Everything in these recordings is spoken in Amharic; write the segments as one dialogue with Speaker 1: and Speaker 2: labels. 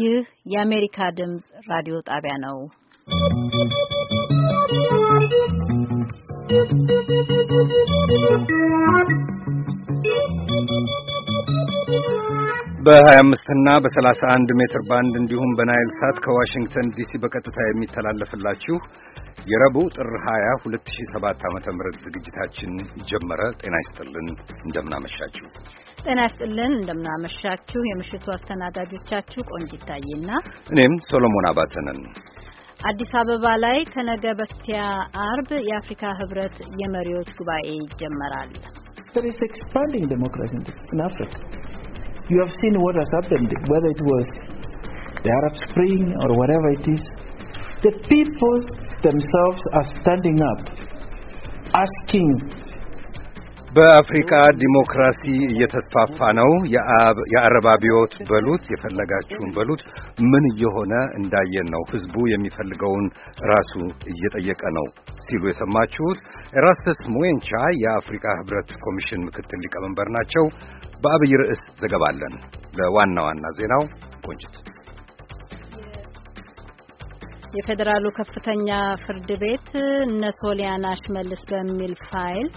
Speaker 1: ይህ የአሜሪካ ድምፅ ራዲዮ ጣቢያ ነው።
Speaker 2: በ25 እና በ31 ሜትር ባንድ እንዲሁም በናይል ሳት ከዋሽንግተን ዲሲ በቀጥታ የሚተላለፍላችሁ የረቡዕ ጥር 20 2007 ዓ.ም ዝግጅታችን ጀመረ። ጤና ይስጥልን፣ እንደምናመሻችሁ
Speaker 1: ጤና ይስጥልን። እንደምናመሻችሁ የምሽቱ አስተናጋጆቻችሁ ቆንጂት ታዬና
Speaker 2: እኔም ሶሎሞን አባተ ነን።
Speaker 1: አዲስ አበባ ላይ ከነገ በስቲያ አርብ የአፍሪካ ህብረት የመሪዎች ጉባኤ ይጀመራል።
Speaker 3: There is expanding democracy in Africa. You have seen what has happened, whether it was the Arab Spring or whatever it is. The people
Speaker 4: themselves are standing up, asking
Speaker 2: በአፍሪካ ዲሞክራሲ እየተስፋፋ ነው። የአረብ አብዮት በሉት የፈለጋችሁን በሉት ምን እየሆነ እንዳየን ነው። ህዝቡ የሚፈልገውን ራሱ እየጠየቀ ነው ሲሉ የሰማችሁት ኤራስተስ ሙዌንቻ የአፍሪካ ህብረት ኮሚሽን ምክትል ሊቀመንበር ናቸው። በአብይ ርዕስ ዘገባለን። ለዋና ዋና ዜናው ቆንጭት
Speaker 1: የፌዴራሉ ከፍተኛ ፍርድ ቤት እነ ሶሊያና ሽመልስ በሚል ፋይል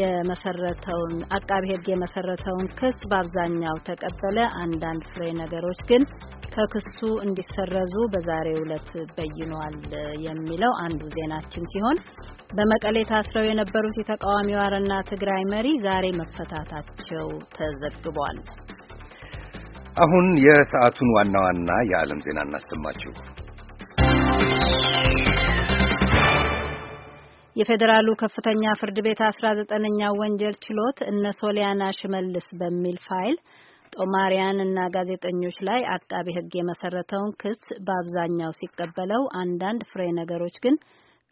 Speaker 1: የመሰረተውን አቃቤ ሕግ የመሰረተውን ክስ በአብዛኛው ተቀበለ። አንዳንድ ፍሬ ነገሮች ግን ከክሱ እንዲሰረዙ በዛሬው ዕለት በይኗል የሚለው አንዱ ዜናችን ሲሆን በመቀሌ ታስረው የነበሩት የተቃዋሚ ዋርና ትግራይ መሪ ዛሬ መፈታታቸው ተዘግቧል።
Speaker 2: አሁን የሰዓቱን ዋና ዋና የዓለም ዜና እናሰማችሁ።
Speaker 1: የፌዴራሉ ከፍተኛ ፍርድ ቤት አስራ ዘጠነኛ ወንጀል ችሎት እነ ሶሊያና ሽመልስ በሚል ፋይል ጦማሪያን እና ጋዜጠኞች ላይ አቃቤ ሕግ የመሰረተውን ክስ በአብዛኛው ሲቀበለው አንዳንድ ፍሬ ነገሮች ግን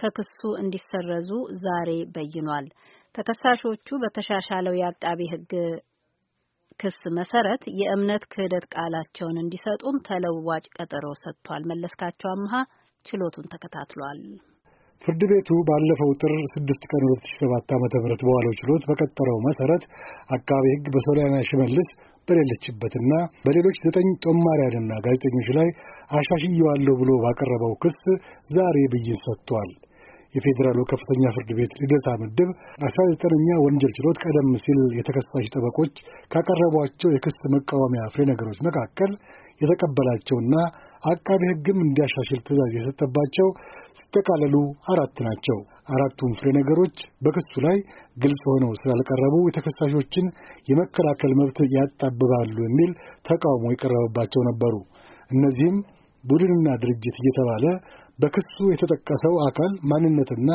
Speaker 1: ከክሱ እንዲሰረዙ ዛሬ በይኗል። ተከሳሾቹ በተሻሻለው የአቃቤ ሕግ ክስ መሰረት የእምነት ክህደት ቃላቸውን እንዲሰጡም ተለዋጭ ቀጠሮ ሰጥቷል። መለስካቸው አምሃ ችሎቱን ተከታትሏል።
Speaker 4: ፍርድ ቤቱ ባለፈው ጥር 6 ቀን 2007 ዓ ም በዋለው ችሎት በቀጠረው መሠረት አቃቤ ሕግ በሶሊያና ሽመልስ በሌለችበትና በሌሎች ዘጠኝ ጦማሪያንና ጋዜጠኞች ላይ አሻሽየዋለሁ ብሎ ባቀረበው ክስ ዛሬ ብይን ሰጥቷል። የፌዴራሉ ከፍተኛ ፍርድ ቤት ልደታ ምድብ አስራ ዘጠነኛ ወንጀል ችሎት ቀደም ሲል የተከሳሽ ጠበቆች ካቀረቧቸው የክስ መቃወሚያ ፍሬ ነገሮች መካከል የተቀበላቸውና አቃቢ ሕግም እንዲያሻሽል ትእዛዝ የሰጠባቸው ሲጠቃለሉ አራት ናቸው። አራቱም ፍሬ ነገሮች በክሱ ላይ ግልጽ ሆነው ስላልቀረቡ የተከሳሾችን የመከላከል መብት ያጣብባሉ የሚል ተቃውሞ የቀረበባቸው ነበሩ። እነዚህም ቡድንና ድርጅት እየተባለ በክሱ የተጠቀሰው አካል ማንነትና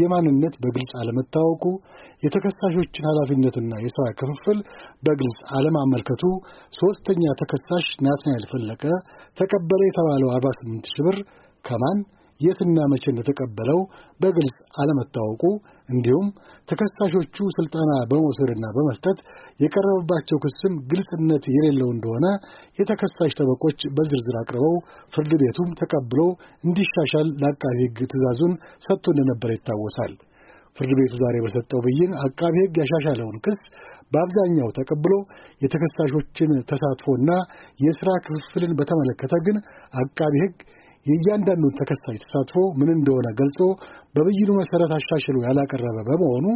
Speaker 4: የማንነት በግልጽ አለመታወቁ፣ የተከሳሾችን ኃላፊነትና የሥራ ክፍፍል በግልጽ አለማመልከቱ፣ ሦስተኛ ተከሳሽ ናትናኤል ፈለቀ ተቀበለ የተባለው 48 ሺህ ብር ከማን የትና መቼ እንደተቀበለው በግልጽ አለመታወቁ እንዲሁም ተከሳሾቹ ስልጠና በመውሰድና በመስጠት የቀረበባቸው ክስም ግልጽነት የሌለው እንደሆነ የተከሳሽ ጠበቆች በዝርዝር አቅርበው ፍርድ ቤቱም ተቀብሎ እንዲሻሻል ለአቃቢ ሕግ ትዕዛዙን ሰጥቶ እንደነበረ ይታወሳል። ፍርድ ቤቱ ዛሬ በሰጠው ብይን አቃቢ ሕግ ያሻሻለውን ክስ በአብዛኛው ተቀብሎ የተከሳሾችን ተሳትፎና የሥራ ክፍፍልን በተመለከተ ግን አቃቢ ሕግ የእያንዳንዱን ተከሳሽ ተሳትፎ ምን እንደሆነ ገልጾ በብይኑ መሠረት አሻሽሉ ያላቀረበ በመሆኑ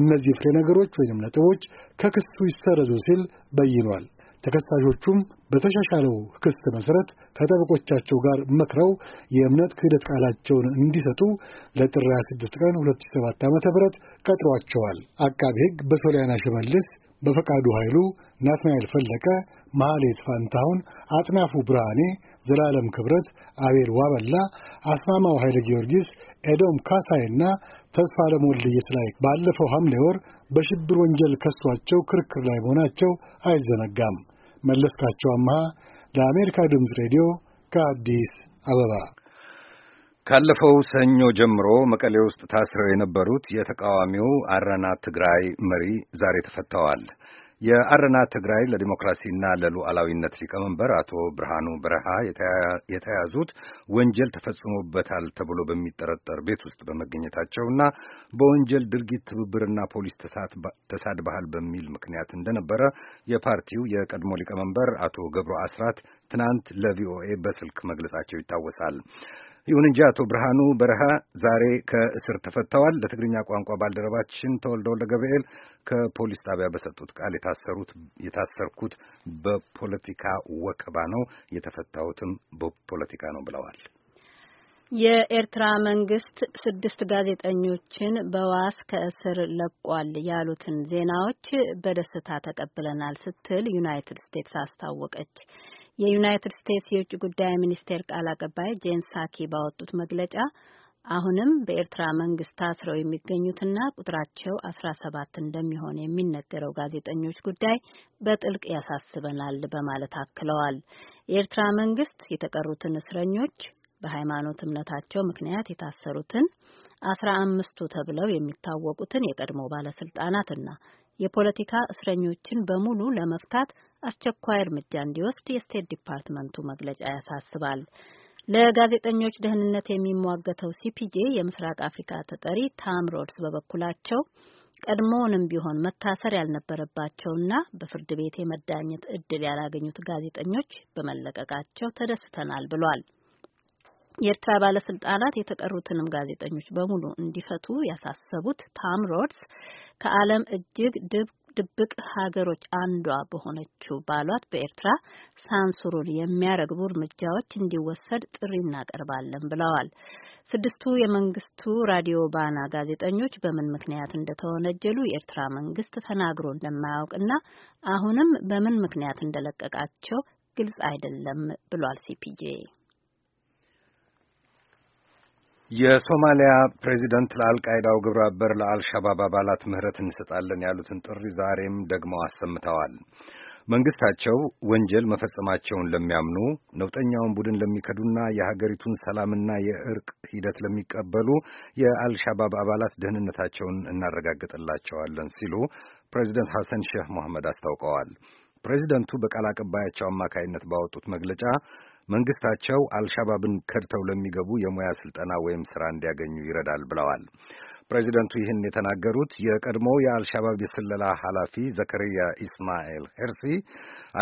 Speaker 4: እነዚህ ፍሬ ነገሮች ወይም ነጥቦች ከክሱ ይሰረዙ ሲል በይኗል። ተከሳሾቹም በተሻሻለው ክስ መሠረት ከጠበቆቻቸው ጋር መክረው የእምነት ክህደት ቃላቸውን እንዲሰጡ ለጥር 26 ቀን 2007 ዓ ም ቀጥሯቸዋል። አቃቢ ሕግ በሶሊያና ሽመልስ በፈቃዱ ኃይሉ፣ ናትናኤል ፈለቀ፣ መሐሌት ፋንታሁን፣ አጥናፉ ብርሃኔ፣ ዘላለም ክብረት፣ አቤል ዋበላ፣ አስማማው ኃይለ ጊዮርጊስ፣ ኤዶም ካሳይና ተስፋ ለሞልደየስ ላይ ባለፈው ሐምሌ ወር በሽብር ወንጀል ከሷቸው ክርክር ላይ መሆናቸው አይዘነጋም። መለስካቸው አምሃ ለአሜሪካ ድምፅ ሬዲዮ ከአዲስ አበባ
Speaker 2: ካለፈው ሰኞ ጀምሮ መቀሌ ውስጥ ታስረው የነበሩት የተቃዋሚው አረና ትግራይ መሪ ዛሬ ተፈተዋል። የአረና ትግራይ ለዲሞክራሲና ለሉዓላዊነት ሊቀመንበር አቶ ብርሃኑ በረሃ የተያያዙት ወንጀል ተፈጽሞበታል ተብሎ በሚጠረጠር ቤት ውስጥ በመገኘታቸውና በወንጀል ድርጊት ትብብርና ፖሊስ ተሳድበሃል በሚል ምክንያት እንደነበረ የፓርቲው የቀድሞ ሊቀመንበር አቶ ገብሩ አስራት ትናንት ለቪኦኤ በስልክ መግለጻቸው ይታወሳል። ይሁን እንጂ አቶ ብርሃኑ በረሃ ዛሬ ከእስር ተፈተዋል። ለትግርኛ ቋንቋ ባልደረባችን ተወልደ ወልደ ገብርኤል ከፖሊስ ጣቢያ በሰጡት ቃል የታሰሩት የታሰርኩት በፖለቲካ ወከባ ነው የተፈታሁትም በፖለቲካ ነው ብለዋል።
Speaker 1: የኤርትራ መንግስት ስድስት ጋዜጠኞችን በዋስ ከእስር ለቋል ያሉትን ዜናዎች በደስታ ተቀብለናል ስትል ዩናይትድ ስቴትስ አስታወቀች። የዩናይትድ ስቴትስ የውጭ ጉዳይ ሚኒስቴር ቃል አቀባይ ጄን ሳኪ ባወጡት መግለጫ አሁንም በኤርትራ መንግስት ታስረው የሚገኙትና ቁጥራቸው አስራ ሰባት እንደሚሆን የሚነገረው ጋዜጠኞች ጉዳይ በጥልቅ ያሳስበናል በማለት አክለዋል። የኤርትራ መንግስት የተቀሩትን እስረኞች በሃይማኖት እምነታቸው ምክንያት የታሰሩትን አስራ አምስቱ ተብለው የሚታወቁትን የቀድሞ ባለስልጣናትና የፖለቲካ እስረኞችን በሙሉ ለመፍታት አስቸኳይ እርምጃ እንዲወስድ የስቴት ዲፓርትመንቱ መግለጫ ያሳስባል። ለጋዜጠኞች ደህንነት የሚሟገተው ሲፒጄ የምስራቅ አፍሪካ ተጠሪ ታም ሮድስ በበኩላቸው ቀድሞውንም ቢሆን መታሰር ያልነበረባቸውና በፍርድ ቤት የመዳኘት እድል ያላገኙት ጋዜጠኞች በመለቀቃቸው ተደስተናል ብሏል። የኤርትራ ባለስልጣናት የተቀሩትንም ጋዜጠኞች በሙሉ እንዲፈቱ ያሳሰቡት ታም ሮድስ ከዓለም እጅግ ድብቅ ሀገሮች አንዷ በሆነችው ባሏት በኤርትራ ሳንሱሩን የሚያረግቡ እርምጃዎች እንዲወሰድ ጥሪ እናቀርባለን ብለዋል። ስድስቱ የመንግስቱ ራዲዮ ባና ጋዜጠኞች በምን ምክንያት እንደተወነጀሉ የኤርትራ መንግስት ተናግሮ እንደማያውቅና አሁንም በምን ምክንያት እንደለቀቃቸው ግልጽ አይደለም ብሏል ሲፒጄ።
Speaker 2: የሶማሊያ ፕሬዚደንት ለአልቃይዳው ግብረ አበር ለአልሻባብ አባላት ምህረት እንሰጣለን ያሉትን ጥሪ ዛሬም ደግመው አሰምተዋል። መንግስታቸው ወንጀል መፈጸማቸውን ለሚያምኑ ነውጠኛውን ቡድን ለሚከዱና የሀገሪቱን ሰላምና የእርቅ ሂደት ለሚቀበሉ የአልሻባብ አባላት ደህንነታቸውን እናረጋግጥላቸዋለን ሲሉ ፕሬዚደንት ሐሰን ሼህ መሐመድ አስታውቀዋል። ፕሬዚደንቱ በቃል አቀባያቸው አማካይነት ባወጡት መግለጫ መንግስታቸው አልሻባብን ከድተው ለሚገቡ የሙያ ስልጠና ወይም ስራ እንዲያገኙ ይረዳል ብለዋል። ፕሬዚደንቱ ይህን የተናገሩት የቀድሞ የአልሻባብ የስለላ ኃላፊ ዘከርያ ኢስማኤል ሄርሲ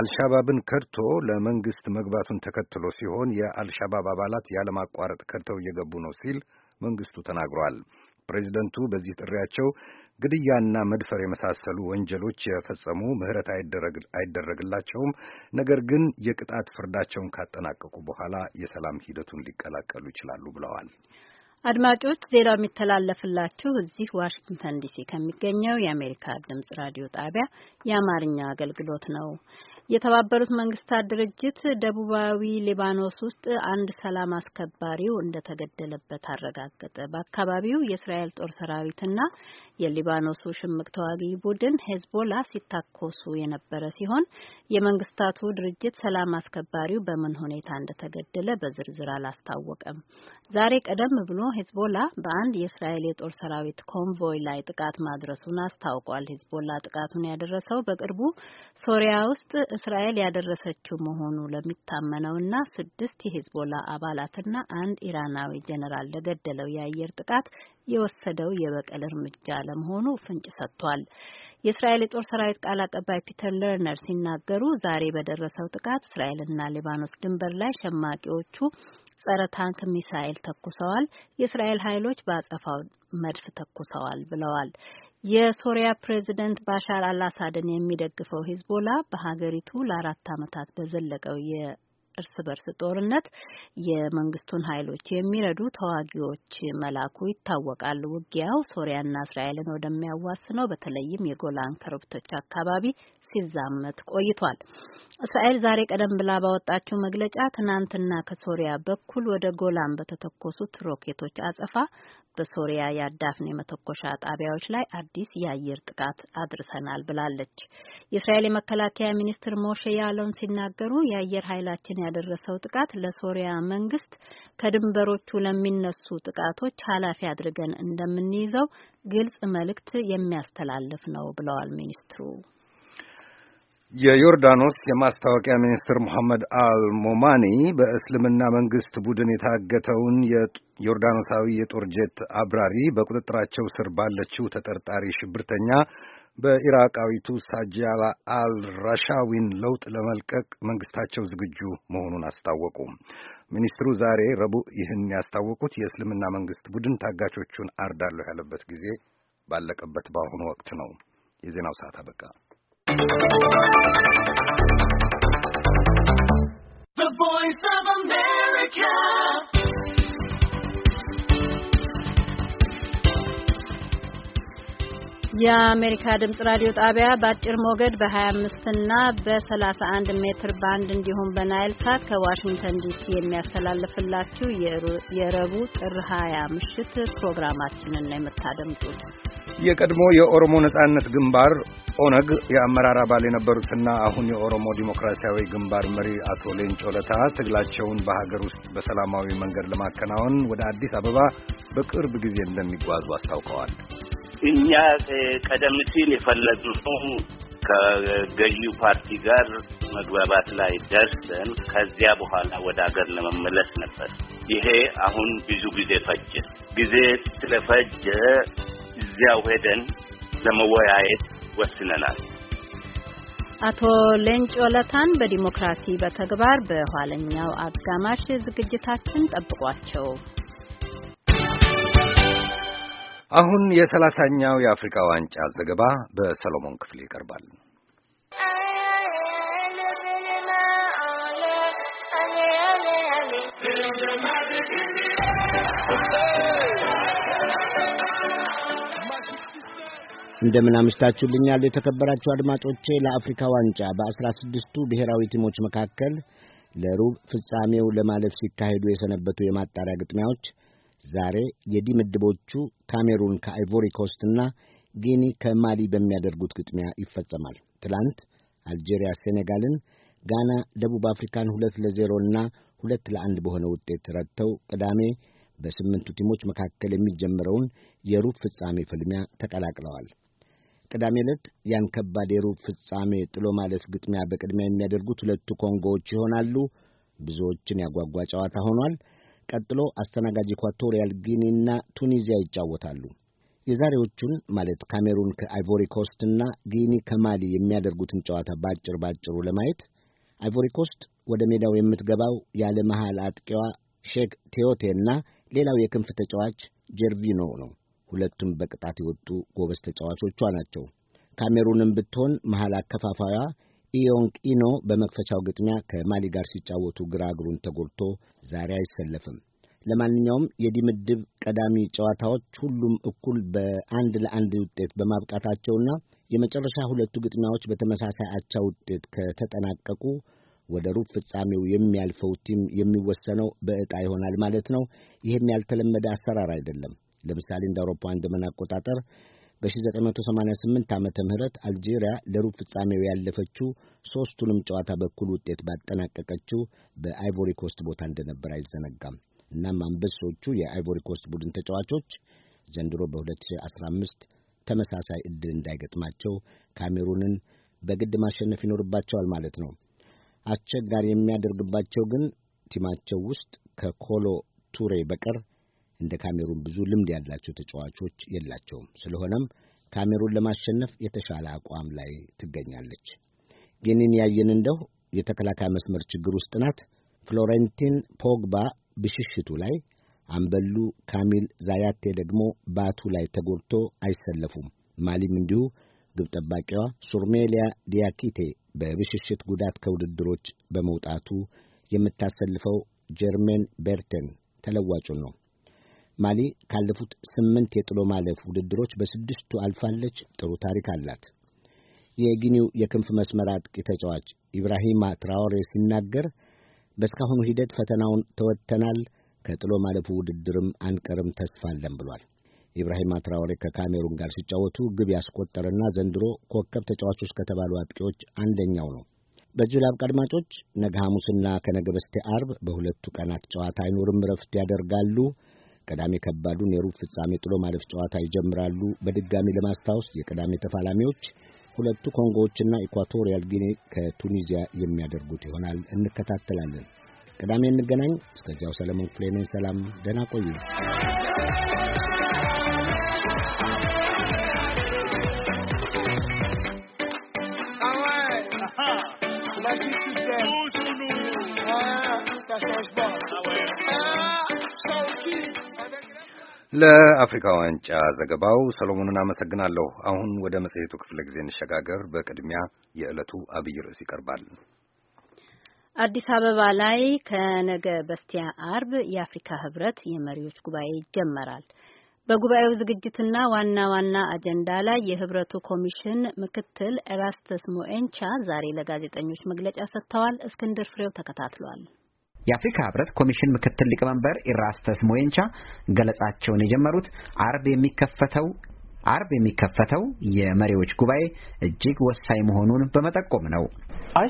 Speaker 2: አልሻባብን ከድቶ ለመንግስት መግባቱን ተከትሎ ሲሆን የአልሻባብ አባላት ያለማቋረጥ ከድተው እየገቡ ነው ሲል መንግስቱ ተናግሯል። ፕሬዚደንቱ በዚህ ጥሪያቸው ግድያና መድፈር የመሳሰሉ ወንጀሎች የፈጸሙ ምህረት አይደረግላቸውም፣ ነገር ግን የቅጣት ፍርዳቸውን ካጠናቀቁ በኋላ የሰላም ሂደቱን ሊቀላቀሉ ይችላሉ ብለዋል።
Speaker 1: አድማጮች ዜናው የሚተላለፍላችሁ እዚህ ዋሽንግተን ዲሲ ከሚገኘው የአሜሪካ ድምጽ ራዲዮ ጣቢያ የአማርኛ አገልግሎት ነው። የተባበሩት መንግስታት ድርጅት ደቡባዊ ሊባኖስ ውስጥ አንድ ሰላም አስከባሪው እንደተገደለበት አረጋገጠ። በአካባቢው የእስራኤል ጦር ሰራዊትና የሊባኖሱ ሽምቅ ተዋጊ ቡድን ሄዝቦላ ሲታኮሱ የነበረ ሲሆን የመንግስታቱ ድርጅት ሰላም አስከባሪው በምን ሁኔታ እንደተገደለ በዝርዝር አላስታወቀም። ዛሬ ቀደም ብሎ ሄዝቦላ በአንድ የእስራኤል የጦር ሰራዊት ኮንቮይ ላይ ጥቃት ማድረሱን አስታውቋል። ሄዝቦላ ጥቃቱን ያደረሰው በቅርቡ ሶሪያ ውስጥ እስራኤል ያደረሰችው መሆኑ ለሚታመነውና ስድስት የሂዝቦላ አባላትና አንድ ኢራናዊ ጀኔራል ለገደለው የአየር ጥቃት የወሰደው የበቀል እርምጃ ለመሆኑ ፍንጭ ሰጥቷል። የእስራኤል የጦር ሰራዊት ቃል አቀባይ ፒተር ለርነር ሲናገሩ ዛሬ በደረሰው ጥቃት እስራኤልና ሊባኖስ ድንበር ላይ ሸማቂዎቹ ጸረ ታንክ ሚሳኤል ተኩሰዋል፣ የእስራኤል ኃይሎች በአጸፋው መድፍ ተኩሰዋል ብለዋል። የሶሪያ ፕሬዚደንት ባሻር አልአሳድን የሚደግፈው ሂዝቦላ በሀገሪቱ ለአራት ዓመታት በዘለቀው የእርስ በርስ ጦርነት የመንግስቱን ኃይሎች የሚረዱ ተዋጊዎች መላኩ ይታወቃል። ውጊያው ሶሪያና እስራኤልን ወደሚያዋስነው በተለይም የጎላን ከረብቶች አካባቢ ሲዛመት ቆይቷል። እስራኤል ዛሬ ቀደም ብላ ባወጣችው መግለጫ ትናንትና ከሶሪያ በኩል ወደ ጎላን በተተኮሱት ሮኬቶች አጸፋ በሶሪያ የአዳፍኔ መተኮሻ ጣቢያዎች ላይ አዲስ የአየር ጥቃት አድርሰናል ብላለች። የእስራኤል የመከላከያ ሚኒስትር ሞሼ ያለውን ሲናገሩ የአየር ኃይላችን ያደረሰው ጥቃት ለሶሪያ መንግስት ከድንበሮቹ ለሚነሱ ጥቃቶች ኃላፊ አድርገን እንደምንይዘው ግልጽ መልእክት የሚያስተላልፍ ነው ብለዋል ሚኒስትሩ።
Speaker 2: የዮርዳኖስ የማስታወቂያ ሚኒስትር ሙሐመድ አልሞማኒ በእስልምና መንግስት ቡድን የታገተውን የዮርዳኖሳዊ የጦር ጄት አብራሪ በቁጥጥራቸው ስር ባለችው ተጠርጣሪ ሽብርተኛ በኢራቃዊቱ ሳጃላ አልራሻዊን ለውጥ ለመልቀቅ መንግስታቸው ዝግጁ መሆኑን አስታወቁ። ሚኒስትሩ ዛሬ ረቡዕ ይህን ያስታወቁት የእስልምና መንግስት ቡድን ታጋቾቹን አርዳለሁ ያለበት ጊዜ ባለቀበት በአሁኑ ወቅት ነው። የዜናው ሰዓት አበቃ።
Speaker 5: America.
Speaker 1: የአሜሪካ ድምጽ ራዲዮ ጣቢያ በአጭር ሞገድ በ25 እና በ31 ሜትር ባንድ እንዲሁም በናይል ሳት ከዋሽንግተን ዲሲ የሚያስተላልፍላችሁ የረቡ ጥር 20 ምሽት ፕሮግራማችንን ነው የምታደምጡት።
Speaker 2: የቀድሞ የኦሮሞ ነጻነት ግንባር ኦነግ የአመራር አባል የነበሩትና አሁን የኦሮሞ ዲሞክራሲያዊ ግንባር መሪ አቶ ሌንጮ ለታ ትግላቸውን በሀገር ውስጥ በሰላማዊ መንገድ ለማከናወን ወደ አዲስ አበባ በቅርብ ጊዜ እንደሚጓዙ አስታውቀዋል።
Speaker 6: እኛ ቀደም ሲል የፈለግነው ከገዢ ፓርቲ ጋር መግባባት ላይ ደርሰን ከዚያ በኋላ ወደ ሀገር ለመመለስ ነበር። ይሄ አሁን ብዙ ጊዜ ፈጀ። ጊዜ ስለፈጀ እዚያው ሄደን ለመወያየት ወስነናል።
Speaker 1: አቶ ሌንጮ ለታን በዲሞክራሲ በተግባር በኋለኛው አጋማሽ ዝግጅታችን ጠብቋቸው።
Speaker 2: አሁን የሰላሳኛው የአፍሪካ ዋንጫ ዘገባ በሰሎሞን ክፍል ይቀርባል።
Speaker 7: እንደምን አምስታችሁልኛል የተከበራችሁ አድማጮቼ። ለአፍሪካ ዋንጫ በአስራ ስድስቱ ብሔራዊ ቲሞች መካከል ለሩብ ፍጻሜው ለማለፍ ሲካሄዱ የሰነበቱ የማጣሪያ ግጥሚያዎች ዛሬ የዲ ምድቦቹ ካሜሩን ከአይቮሪ ኮስትና ጊኒ ከማሊ በሚያደርጉት ግጥሚያ ይፈጸማል። ትላንት አልጄሪያ ሴኔጋልን፣ ጋና ደቡብ አፍሪካን ሁለት ለዜሮ እና ሁለት ለአንድ በሆነ ውጤት ረድተው ቅዳሜ በስምንቱ ቲሞች መካከል የሚጀምረውን የሩብ ፍጻሜ ፍልሚያ ተቀላቅለዋል። ቅዳሜ ዕለት ያን ከባድ የሩብ ፍጻሜ ጥሎ ማለፍ ግጥሚያ በቅድሚያ የሚያደርጉት ሁለቱ ኮንጎዎች ይሆናሉ። ብዙዎችን ያጓጓ ጨዋታ ሆኗል። ቀጥሎ አስተናጋጅ ኢኳቶሪያል ጊኒና ቱኒዚያ ይጫወታሉ። የዛሬዎቹን ማለት ካሜሩን ከአይቮሪ ኮስትና ጊኒ ከማሊ የሚያደርጉትን ጨዋታ ባጭር ባጭሩ ለማየት አይቮሪ ኮስት ወደ ሜዳው የምትገባው ያለ መሃል አጥቂዋ ሼክ ቴዮቴና ሌላው የክንፍ ተጫዋች ጀርቪኖ ነው። ሁለቱም በቅጣት የወጡ ጎበዝ ተጫዋቾቿ ናቸው። ካሜሩንም ብትሆን መሃል አከፋፋያ ኢዮንግ ኢኖ በመክፈቻው ግጥሚያ ከማሊ ጋር ሲጫወቱ ግራ እግሩን ተጎድቶ ዛሬ አይሰለፍም። ለማንኛውም የዲ ምድብ ቀዳሚ ጨዋታዎች ሁሉም እኩል በአንድ ለአንድ ውጤት በማብቃታቸውና የመጨረሻ ሁለቱ ግጥሚያዎች በተመሳሳይ አቻ ውጤት ከተጠናቀቁ ወደ ሩብ ፍጻሜው የሚያልፈው ቲም የሚወሰነው በዕጣ ይሆናል ማለት ነው። ይህም ያልተለመደ አሰራር አይደለም። ለምሳሌ እንደ አውሮፓውያን ዘመን አቆጣጠር በ1988 ዓ ምህረት አልጄሪያ ለሩብ ፍጻሜው ያለፈችው ሦስቱንም ጨዋታ በኩል ውጤት ባጠናቀቀችው በአይቮሪ ኮስት ቦታ እንደነበር አይዘነጋም። እናም አንበሶቹ የአይቮሪ ኮስት ቡድን ተጫዋቾች ዘንድሮ በ2015 ተመሳሳይ ዕድል እንዳይገጥማቸው ካሜሩንን በግድ ማሸነፍ ይኖርባቸዋል ማለት ነው። አስቸጋሪ የሚያደርግባቸው ግን ቲማቸው ውስጥ ከኮሎ ቱሬ በቀር እንደ ካሜሩን ብዙ ልምድ ያላቸው ተጫዋቾች የላቸውም። ስለሆነም ካሜሩን ለማሸነፍ የተሻለ አቋም ላይ ትገኛለች። ጌኒን ያየን እንደው የተከላካይ መስመር ችግር ውስጥ ናት። ፍሎረንቲን ፖግባ ብሽሽቱ ላይ፣ አምበሉ ካሚል ዛያቴ ደግሞ ባቱ ላይ ተጎድቶ አይሰለፉም። ማሊም እንዲሁ ግብ ጠባቂዋ ሱርሜሊያ ዲያኪቴ በብሽሽት ጉዳት ከውድድሮች በመውጣቱ የምታሰልፈው ጀርሜን ቤርተን ተለዋጩን ነው። ማሊ ካለፉት ስምንት የጥሎ ማለፍ ውድድሮች በስድስቱ አልፋለች። ጥሩ ታሪክ አላት። የጊኒው የክንፍ መስመር አጥቂ ተጫዋች ኢብራሂማ ትራኦሬ ሲናገር በእስካሁኑ ሂደት ፈተናውን ተወጥተናል፣ ከጥሎ ማለፉ ውድድርም አንቀርም፣ ተስፋ አለን ብሏል። ኢብራሂማ ትራኦሬ ከካሜሩን ጋር ሲጫወቱ ግብ ያስቆጠረና ዘንድሮ ኮከብ ተጫዋቾች ከተባሉ አጥቂዎች አንደኛው ነው። በዚሁ ላብቅ አድማጮች። ነገ ሐሙስና ከነገ በስቴ አርብ በሁለቱ ቀናት ጨዋታ አይኖርም፣ እረፍት ያደርጋሉ። ቅዳሜ ከባዱን የሩብ ፍጻሜ ጥሎ ማለፍ ጨዋታ ይጀምራሉ። በድጋሚ ለማስታወስ የቅዳሜ ተፋላሚዎች ሁለቱ ኮንጎዎችና ኢኳቶሪያል ጊኒ ከቱኒዚያ የሚያደርጉት ይሆናል። እንከታተላለን። ቅዳሜ እንገናኝ። እስከዚያው ሰለሞን ክፍሌ ነኝ። ሰላም፣ ደህና ቆዩ።
Speaker 5: ah, That's how it's
Speaker 2: ለአፍሪካ ዋንጫ ዘገባው ሰሎሞንን አመሰግናለሁ። አሁን ወደ መጽሔቱ ክፍለ ጊዜ እንሸጋገር። በቅድሚያ የዕለቱ አብይ ርዕስ ይቀርባል።
Speaker 1: አዲስ አበባ ላይ ከነገ በስቲያ አርብ የአፍሪካ ህብረት የመሪዎች ጉባኤ ይጀመራል። በጉባኤው ዝግጅትና ዋና ዋና አጀንዳ ላይ የህብረቱ ኮሚሽን ምክትል ኤራስተስ ሞኤንቻ ዛሬ ለጋዜጠኞች መግለጫ ሰጥተዋል። እስክንድር ፍሬው ተከታትሏል።
Speaker 3: የአፍሪካ ህብረት ኮሚሽን ምክትል ሊቀመንበር ኢራስተስ ሞየንቻ ገለጻቸውን የጀመሩት አርብ የሚከፈተው አርብ የሚከፈተው የመሪዎች ጉባኤ እጅግ ወሳኝ መሆኑን በመጠቆም ነው። uh,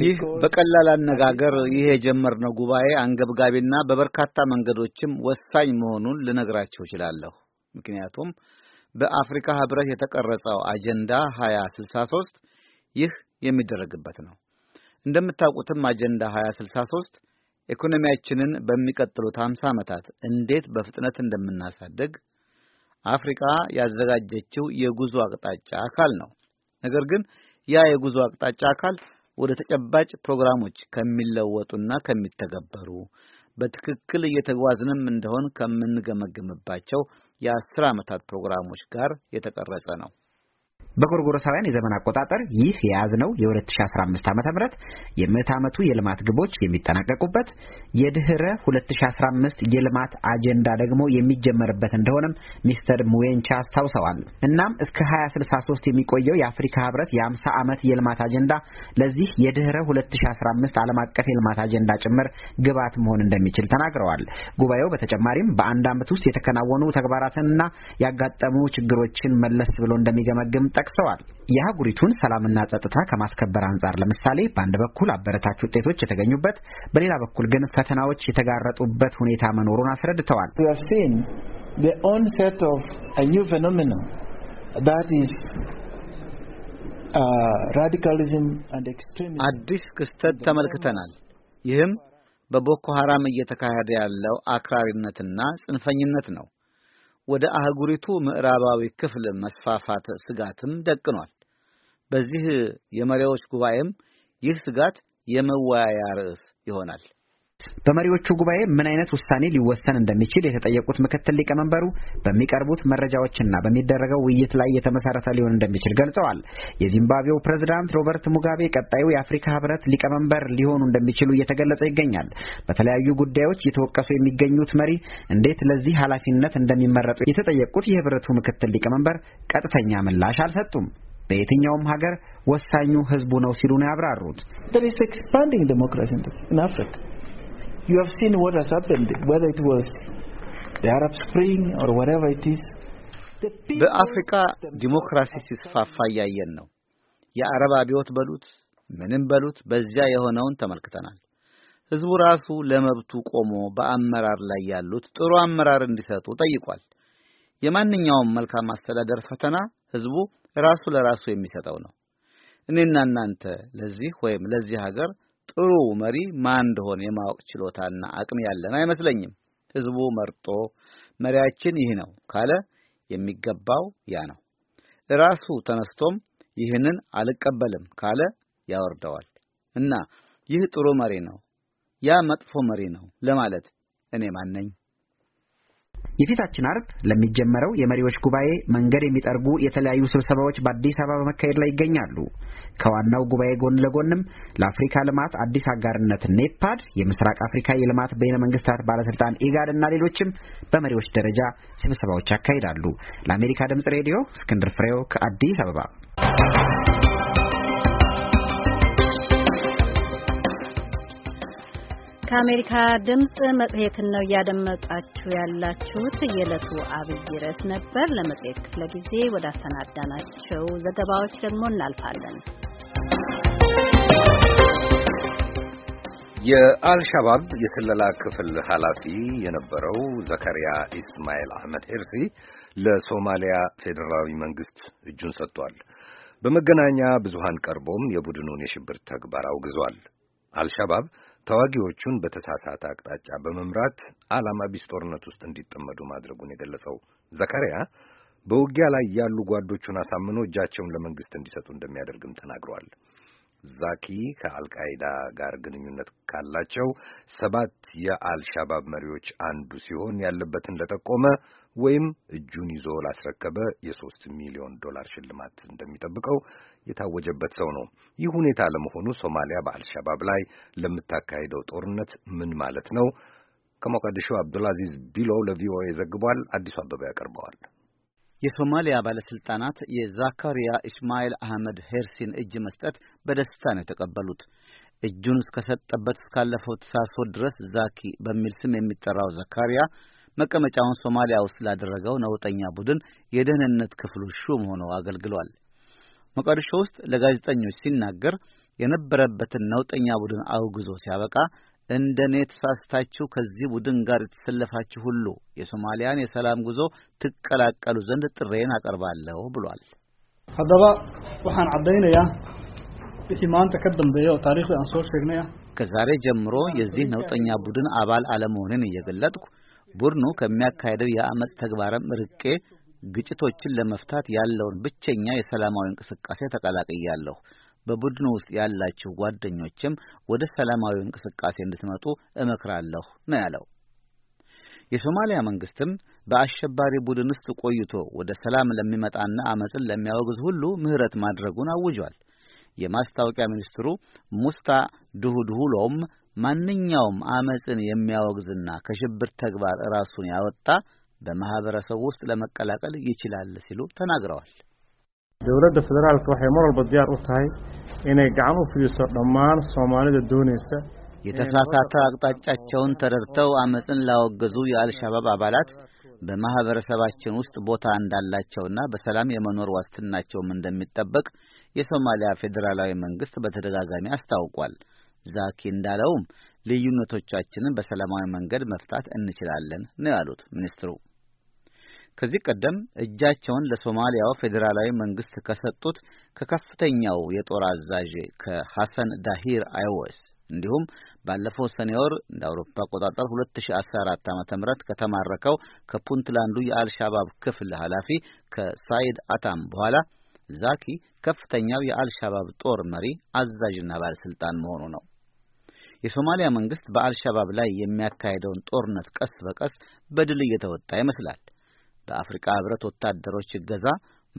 Speaker 4: ይህ
Speaker 8: በቀላል አነጋገር ይህ የጀመርነው ጉባኤ አንገብጋቢና በበርካታ መንገዶችም ወሳኝ መሆኑን ልነግራቸው እችላለሁ። ምክንያቱም በአፍሪካ ህብረት የተቀረጸው አጀንዳ 2063 ይህ የሚደረግበት ነው። እንደምታውቁትም አጀንዳ 2063 ኢኮኖሚያችንን በሚቀጥሉት 50 ዓመታት እንዴት በፍጥነት እንደምናሳድግ አፍሪካ ያዘጋጀችው የጉዞ አቅጣጫ አካል ነው። ነገር ግን ያ የጉዞ አቅጣጫ አካል ወደ ተጨባጭ ፕሮግራሞች ከሚለወጡና ከሚተገበሩ በትክክል እየተጓዝንም እንደሆን ከምንገመግምባቸው የአስር ዓመታት ፕሮግራሞች ጋር የተቀረጸ ነው።
Speaker 3: በጎርጎረሳውያን የዘመን አቆጣጠር ይህ የያዝነው የ2015 ዓ ም የምዕት ዓመቱ የልማት ግቦች የሚጠናቀቁበት የድኅረ 2015 የልማት አጀንዳ ደግሞ የሚጀመርበት እንደሆነም ሚስተር ሙዌንቻ አስታውሰዋል። እናም እስከ 2063 የሚቆየው የአፍሪካ ህብረት የ50 ዓመት የልማት አጀንዳ ለዚህ የድኅረ 2015 ዓለም አቀፍ የልማት አጀንዳ ጭምር ግብዓት መሆን እንደሚችል ተናግረዋል። ጉባኤው በተጨማሪም በአንድ ዓመት ውስጥ የተከናወኑ ተግባራትንና ያጋጠሙ ችግሮችን መለስ ብሎ እንደሚገመግም ጠቅሰዋል። የአህጉሪቱን ሰላምና ጸጥታ ከማስከበር አንጻር ለምሳሌ በአንድ በኩል አበረታች ውጤቶች የተገኙበት፣ በሌላ በኩል ግን ፈተናዎች የተጋረጡበት ሁኔታ መኖሩን አስረድተዋል። uh,
Speaker 8: አዲስ ክስተት ተመልክተናል። ይህም በቦኮ ሐራም እየተካሄደ ያለው አክራሪነትና ጽንፈኝነት ነው። ወደ አህጉሪቱ ምዕራባዊ ክፍል መስፋፋት ስጋትም ደቅኗል። በዚህ የመሪዎች ጉባኤም ይህ ስጋት የመወያያ ርዕስ ይሆናል።
Speaker 3: በመሪዎቹ ጉባኤ ምን አይነት ውሳኔ ሊወሰን እንደሚችል የተጠየቁት ምክትል ሊቀመንበሩ በሚቀርቡት መረጃዎችና በሚደረገው ውይይት ላይ የተመሰረተ ሊሆን እንደሚችል ገልጸዋል። የዚምባብዌው ፕሬዝዳንት ሮበርት ሙጋቤ ቀጣዩ የአፍሪካ ህብረት ሊቀመንበር ሊሆኑ እንደሚችሉ እየተገለጸ ይገኛል። በተለያዩ ጉዳዮች እየተወቀሱ የሚገኙት መሪ እንዴት ለዚህ ኃላፊነት እንደሚመረጡ የተጠየቁት የህብረቱ ምክትል ሊቀመንበር ቀጥተኛ ምላሽ አልሰጡም። በየትኛውም ሀገር ወሳኙ ህዝቡ ነው ሲሉ ነው ያብራሩት። You have seen what has happened, whether it was
Speaker 4: the Arab Spring or whatever it is.
Speaker 8: በአፍሪካ ዲሞክራሲ ሲስፋፋ እያየን ነው። የአረብ አብዮት በሉት ምንም በሉት በዚያ የሆነውን ተመልክተናል። ህዝቡ ራሱ ለመብቱ ቆሞ በአመራር ላይ ያሉት ጥሩ አመራር እንዲሰጡ ጠይቋል። የማንኛውም መልካም አስተዳደር ፈተና ህዝቡ ራሱ ለራሱ የሚሰጠው ነው። እኔና እናንተ ለዚህ ወይም ለዚህ ሀገር ጥሩ መሪ ማን እንደሆነ የማወቅ ችሎታና አቅም ያለን አይመስለኝም። ህዝቡ መርጦ መሪያችን ይህ ነው ካለ የሚገባው ያ ነው። ራሱ ተነስቶም ይህንን አልቀበልም ካለ ያወርደዋል። እና ይህ ጥሩ መሪ ነው፣ ያ መጥፎ መሪ ነው ለማለት እኔ ማን ነኝ?
Speaker 3: የፊታችን አርብ ለሚጀመረው የመሪዎች ጉባኤ መንገድ የሚጠርጉ የተለያዩ ስብሰባዎች በአዲስ አበባ በመካሄድ ላይ ይገኛሉ። ከዋናው ጉባኤ ጎን ለጎንም ለአፍሪካ ልማት አዲስ አጋርነት ኔፓድ፣ የምስራቅ አፍሪካ የልማት በይነ መንግስታት ባለስልጣን ኢጋድ እና ሌሎችም በመሪዎች ደረጃ ስብሰባዎች ያካሂዳሉ። ለአሜሪካ ድምጽ ሬዲዮ እስክንድር ፍሬው ከአዲስ አበባ
Speaker 1: ከአሜሪካ ድምፅ መጽሔትን ነው እያደመጣችሁ ያላችሁት። የዕለቱ አብይ ርዕስ ነበር። ለመጽሔት ክፍለ ጊዜ ወደ አሰናዳናቸው ዘገባዎች ደግሞ እናልፋለን።
Speaker 2: የአልሻባብ የስለላ ክፍል ኃላፊ የነበረው ዘከሪያ ኢስማኤል አህመድ ሄርሲ ለሶማሊያ ፌዴራላዊ መንግስት እጁን ሰጥቷል። በመገናኛ ብዙሃን ቀርቦም የቡድኑን የሽብር ተግባር አውግዟል። አልሻባብ ተዋጊዎቹን በተሳሳተ አቅጣጫ በመምራት ዓላማ ቢስ ጦርነት ውስጥ እንዲጠመዱ ማድረጉን የገለጸው ዘካሪያ በውጊያ ላይ ያሉ ጓዶቹን አሳምኖ እጃቸውን ለመንግስት እንዲሰጡ እንደሚያደርግም ተናግሯል። ዛኪ ከአልቃይዳ ጋር ግንኙነት ካላቸው ሰባት የአልሻባብ መሪዎች አንዱ ሲሆን ያለበትን ለጠቆመ ወይም እጁን ይዞ ላስረከበ የሶስት ሚሊዮን ዶላር ሽልማት እንደሚጠብቀው የታወጀበት ሰው ነው። ይህ ሁኔታ ለመሆኑ ሶማሊያ በአልሻባብ ላይ ለምታካሄደው ጦርነት ምን ማለት ነው? ከሞቃዲሾ አብዱልአዚዝ ቢሎ ለቪኦኤ ዘግቧል። አዲሱ አበባ ያቀርበዋል።
Speaker 8: የሶማሊያ ባለስልጣናት የዛካሪያ ኢስማኤል አህመድ ሄርሲን እጅ መስጠት በደስታ ነው የተቀበሉት። እጁን እስከሰጠበት እስካለፈው ተሳስቦ ድረስ ዛኪ በሚል ስም የሚጠራው ዘካሪያ መቀመጫውን ሶማሊያ ውስጥ ላደረገው ነውጠኛ ቡድን የደህንነት ክፍሉ ሹም ሆኖ አገልግሏል። ሞቃዲሾ ውስጥ ለጋዜጠኞች ሲናገር የነበረበትን ነውጠኛ ቡድን አውግዞ ሲያበቃ እንደ እኔ ተሳስታችሁ ከዚህ ቡድን ጋር የተሰለፋችሁ ሁሉ የሶማሊያን የሰላም ጉዞ ትቀላቀሉ ዘንድ ጥሬን አቀርባለሁ ብሏል።
Speaker 4: ሀደባ waxaan caddaynayaa wixii maanta ka ታሪክ oo ሸግነያ
Speaker 8: ከዛሬ ጀምሮ የዚህ ነውጠኛ ቡድን አባል አለመሆንን እየገለጥኩ ቡድኑ ከሚያካሄደው የአመፅ ተግባርም ርቄ ግጭቶችን ለመፍታት ያለውን ብቸኛ የሰላማዊ እንቅስቃሴ ተቀላቅያለሁ። በቡድኑ ውስጥ ያላችሁ ጓደኞችም ወደ ሰላማዊ እንቅስቃሴ እንድትመጡ እመክራለሁ ነው ያለው። የሶማሊያ መንግስትም በአሸባሪ ቡድን ውስጥ ቆይቶ ወደ ሰላም ለሚመጣና አመፅን ለሚያወግዝ ሁሉ ምህረት ማድረጉን አውጇል። የማስታወቂያ ሚኒስትሩ ሙስታ ድሁድሁሎም ማንኛውም አመፅን የሚያወግዝና ከሽብር ተግባር ራሱን ያወጣ በማህበረሰቡ ውስጥ ለመቀላቀል ይችላል ሲሉ ተናግረዋል።
Speaker 4: ደውለደ ፌደራልክ waxay ሞራል በዲያር diyaar u tahay inay ደማን u fidiso
Speaker 8: የተሳሳተ አቅጣጫቸውን ተረድተው አመፅን ላወገዙ የአልሻባብ አባላት በማህበረሰባችን ውስጥ ቦታ እንዳላቸውና በሰላም የመኖር ዋስትናቸውም እንደሚጠበቅ የሶማሊያ ፌዴራላዊ መንግስት በተደጋጋሚ አስታውቋል። ዛኪ እንዳለውም ልዩነቶቻችንን በሰላማዊ መንገድ መፍታት እንችላለን ነው ያሉት ሚኒስትሩ። ከዚህ ቀደም እጃቸውን ለሶማሊያው ፌዴራላዊ መንግስት ከሰጡት ከከፍተኛው የጦር አዛዥ ከሐሰን ዳሂር አይወስ እንዲሁም ባለፈው ሰኔ ወር እንደ አውሮፓ አቆጣጠር 2014 ዓ.ም ከተማረከው ከፑንትላንዱ የአልሻባብ ክፍል ኃላፊ ከሳይድ አታም በኋላ ዛኪ ከፍተኛው የአልሻባብ ጦር መሪ አዛዥና ባለስልጣን መሆኑ ነው። የሶማሊያ መንግስት በአልሸባብ ላይ የሚያካሄደውን ጦርነት ቀስ በቀስ በድል እየተወጣ ይመስላል። በአፍሪካ ህብረት ወታደሮች እገዛ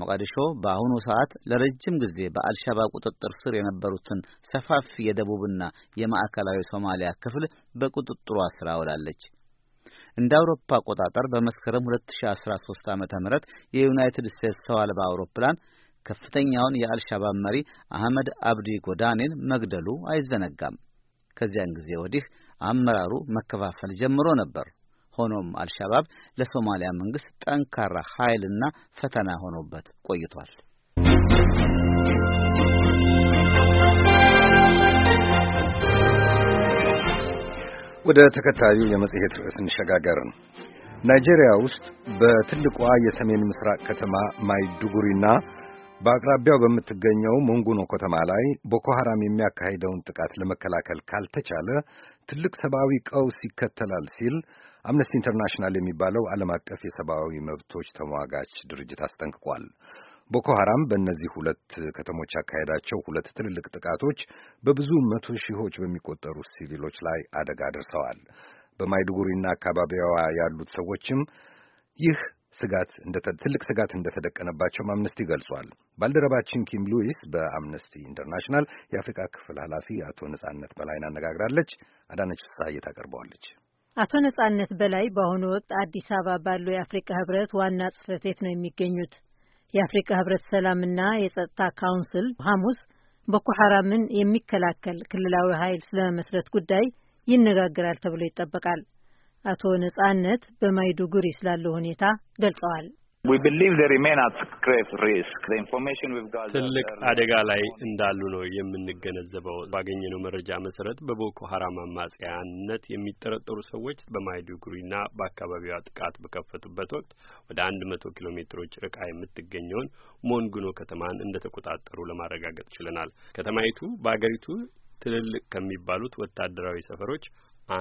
Speaker 8: ሞቃዲሾ በአሁኑ ሰዓት ለረጅም ጊዜ በአልሸባብ ቁጥጥር ስር የነበሩትን ሰፋፊ የደቡብና የማዕከላዊ ሶማሊያ ክፍል በቁጥጥሯ ስር አውላለች። እንደ አውሮፓ አቆጣጠር በመስከረም 2013 ዓ.ም የዩናይትድ ስቴትስ ሰው አልባ አውሮፕላን ከፍተኛውን የአልሻባብ መሪ አህመድ አብዲ ጎዳኔን መግደሉ አይዘነጋም። ከዚያን ጊዜ ወዲህ አመራሩ መከፋፈል ጀምሮ ነበር። ሆኖም አልሻባብ ለሶማሊያ መንግስት ጠንካራ ኃይልና ፈተና ሆኖበት ቆይቷል።
Speaker 2: ወደ ተከታዩ የመጽሔት ርዕስ እንሸጋገር። ናይጄሪያ ውስጥ በትልቋ የሰሜን ምስራቅ ከተማ ማይዱጉሪና በአቅራቢያው በምትገኘው መንጉኖ ከተማ ላይ ቦኮ ሐራም የሚያካሂደውን ጥቃት ለመከላከል ካልተቻለ ትልቅ ሰብአዊ ቀውስ ይከተላል ሲል አምነስቲ ኢንተርናሽናል የሚባለው ዓለም አቀፍ የሰብአዊ መብቶች ተሟጋች ድርጅት አስጠንቅቋል። ቦኮ ሐራም በእነዚህ ሁለት ከተሞች ያካሄዳቸው ሁለት ትልልቅ ጥቃቶች በብዙ መቶ ሺዎች በሚቆጠሩ ሲቪሎች ላይ አደጋ ደርሰዋል። በማይድጉሪና አካባቢዋ ያሉት ሰዎችም ይህ ስጋት ትልቅ ስጋት እንደተደቀነባቸውም አምነስቲ ገልጿል። ባልደረባችን ኪም ሉዊስ በአምነስቲ ኢንተርናሽናል የአፍሪካ ክፍል ኃላፊ አቶ ነጻነት በላይን አነጋግራለች። አዳነች ፍስሐዬ ታቀርበዋለች።
Speaker 9: አቶ ነጻነት በላይ በአሁኑ ወቅት አዲስ አበባ ባለው የአፍሪካ ህብረት ዋና ጽህፈት ቤት ነው የሚገኙት። የአፍሪካ ህብረት ሰላምና የጸጥታ ካውንስል ሐሙስ ቦኮ ሐራምን የሚከላከል ክልላዊ ኃይል ስለመመስረት ጉዳይ ይነጋገራል ተብሎ ይጠበቃል። አቶ ነጻነት በማይዱጉሪ ስላለው ሁኔታ ገልጸዋል።
Speaker 10: ትልቅ አደጋ ላይ እንዳሉ ነው የምንገነዘበው። ባገኘነው መረጃ መሰረት በቦኮ ሀራም አማጽያነት የሚጠረጠሩ ሰዎች በማይዱጉሪና በአካባቢዋ ጥቃት በከፈቱበት ወቅት ወደ አንድ መቶ ኪሎ ሜትሮች ርቃ የምትገኘውን ሞንጉኖ ከተማን እንደተቆጣጠሩ ለማረጋገጥ ችለናል። ከተማይቱ በአገሪቱ ትልልቅ ከሚባሉት ወታደራዊ ሰፈሮች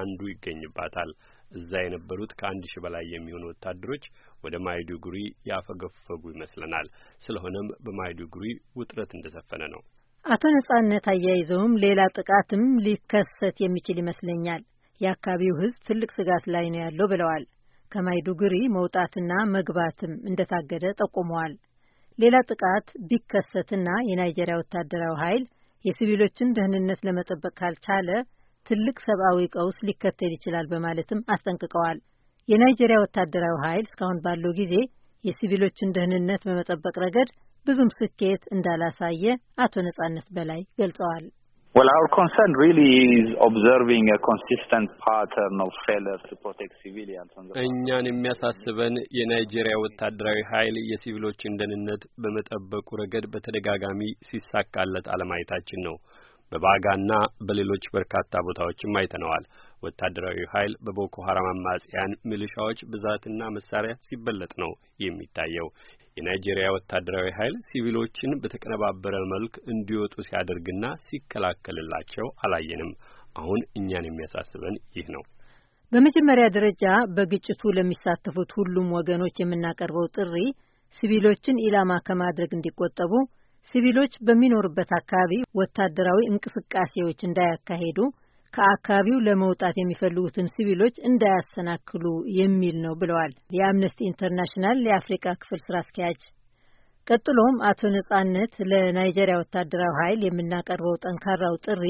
Speaker 10: አንዱ ይገኝባታል። እዛ የነበሩት ከአንድ ሺህ በላይ የሚሆኑ ወታደሮች ወደ ማይዱጉሪ ያፈገፈጉ ይመስለናል። ስለሆነም በማይዱጉሪ ውጥረት እንደሰፈነ ነው።
Speaker 9: አቶ ነጻነት አያይዘውም ሌላ ጥቃትም ሊከሰት የሚችል ይመስለኛል፣ የአካባቢው ሕዝብ ትልቅ ስጋት ላይ ነው ያለው ብለዋል። ከማይዱጉሪ መውጣትና መግባትም እንደታገደ ጠቁመዋል። ሌላ ጥቃት ቢከሰትና የናይጄሪያ ወታደራዊ ኃይል የሲቪሎችን ደህንነት ለመጠበቅ ካልቻለ ትልቅ ሰብአዊ ቀውስ ሊከተል ይችላል በማለትም አስጠንቅቀዋል። የናይጄሪያ ወታደራዊ ኃይል እስካሁን ባለው ጊዜ የሲቪሎችን ደህንነት በመጠበቅ ረገድ ብዙም ስኬት እንዳላሳየ አቶ ነጻነት በላይ ገልጸዋል።
Speaker 10: እኛን የሚያሳስበን የናይጄሪያ ወታደራዊ ኃይል የሲቪሎችን ደህንነት በመጠበቁ ረገድ በተደጋጋሚ ሲሳካለት አለማየታችን ነው። በባጋና በሌሎች በርካታ ቦታዎችም አይተነዋል። ወታደራዊ ኃይል በቦኮ ሀራም አማጽያን ሚሊሻዎች ብዛትና መሳሪያ ሲበለጥ ነው የሚታየው። የናይጄሪያ ወታደራዊ ኃይል ሲቪሎችን በተቀነባበረ መልክ እንዲወጡ ሲያደርግና ሲከላከልላቸው አላየንም። አሁን እኛን የሚያሳስበን ይህ ነው።
Speaker 9: በመጀመሪያ ደረጃ በግጭቱ ለሚሳተፉት ሁሉም ወገኖች የምናቀርበው ጥሪ ሲቪሎችን ኢላማ ከማድረግ እንዲቆጠቡ ሲቪሎች በሚኖሩበት አካባቢ ወታደራዊ እንቅስቃሴዎች እንዳያካሄዱ ከአካባቢው ለመውጣት የሚፈልጉትን ሲቪሎች እንዳያሰናክሉ የሚል ነው ብለዋል የአምነስቲ ኢንተርናሽናል የአፍሪካ ክፍል ስራ አስኪያጅ። ቀጥሎም አቶ ነጻነት ለናይጀሪያ ወታደራዊ ኃይል የምናቀርበው ጠንካራው ጥሪ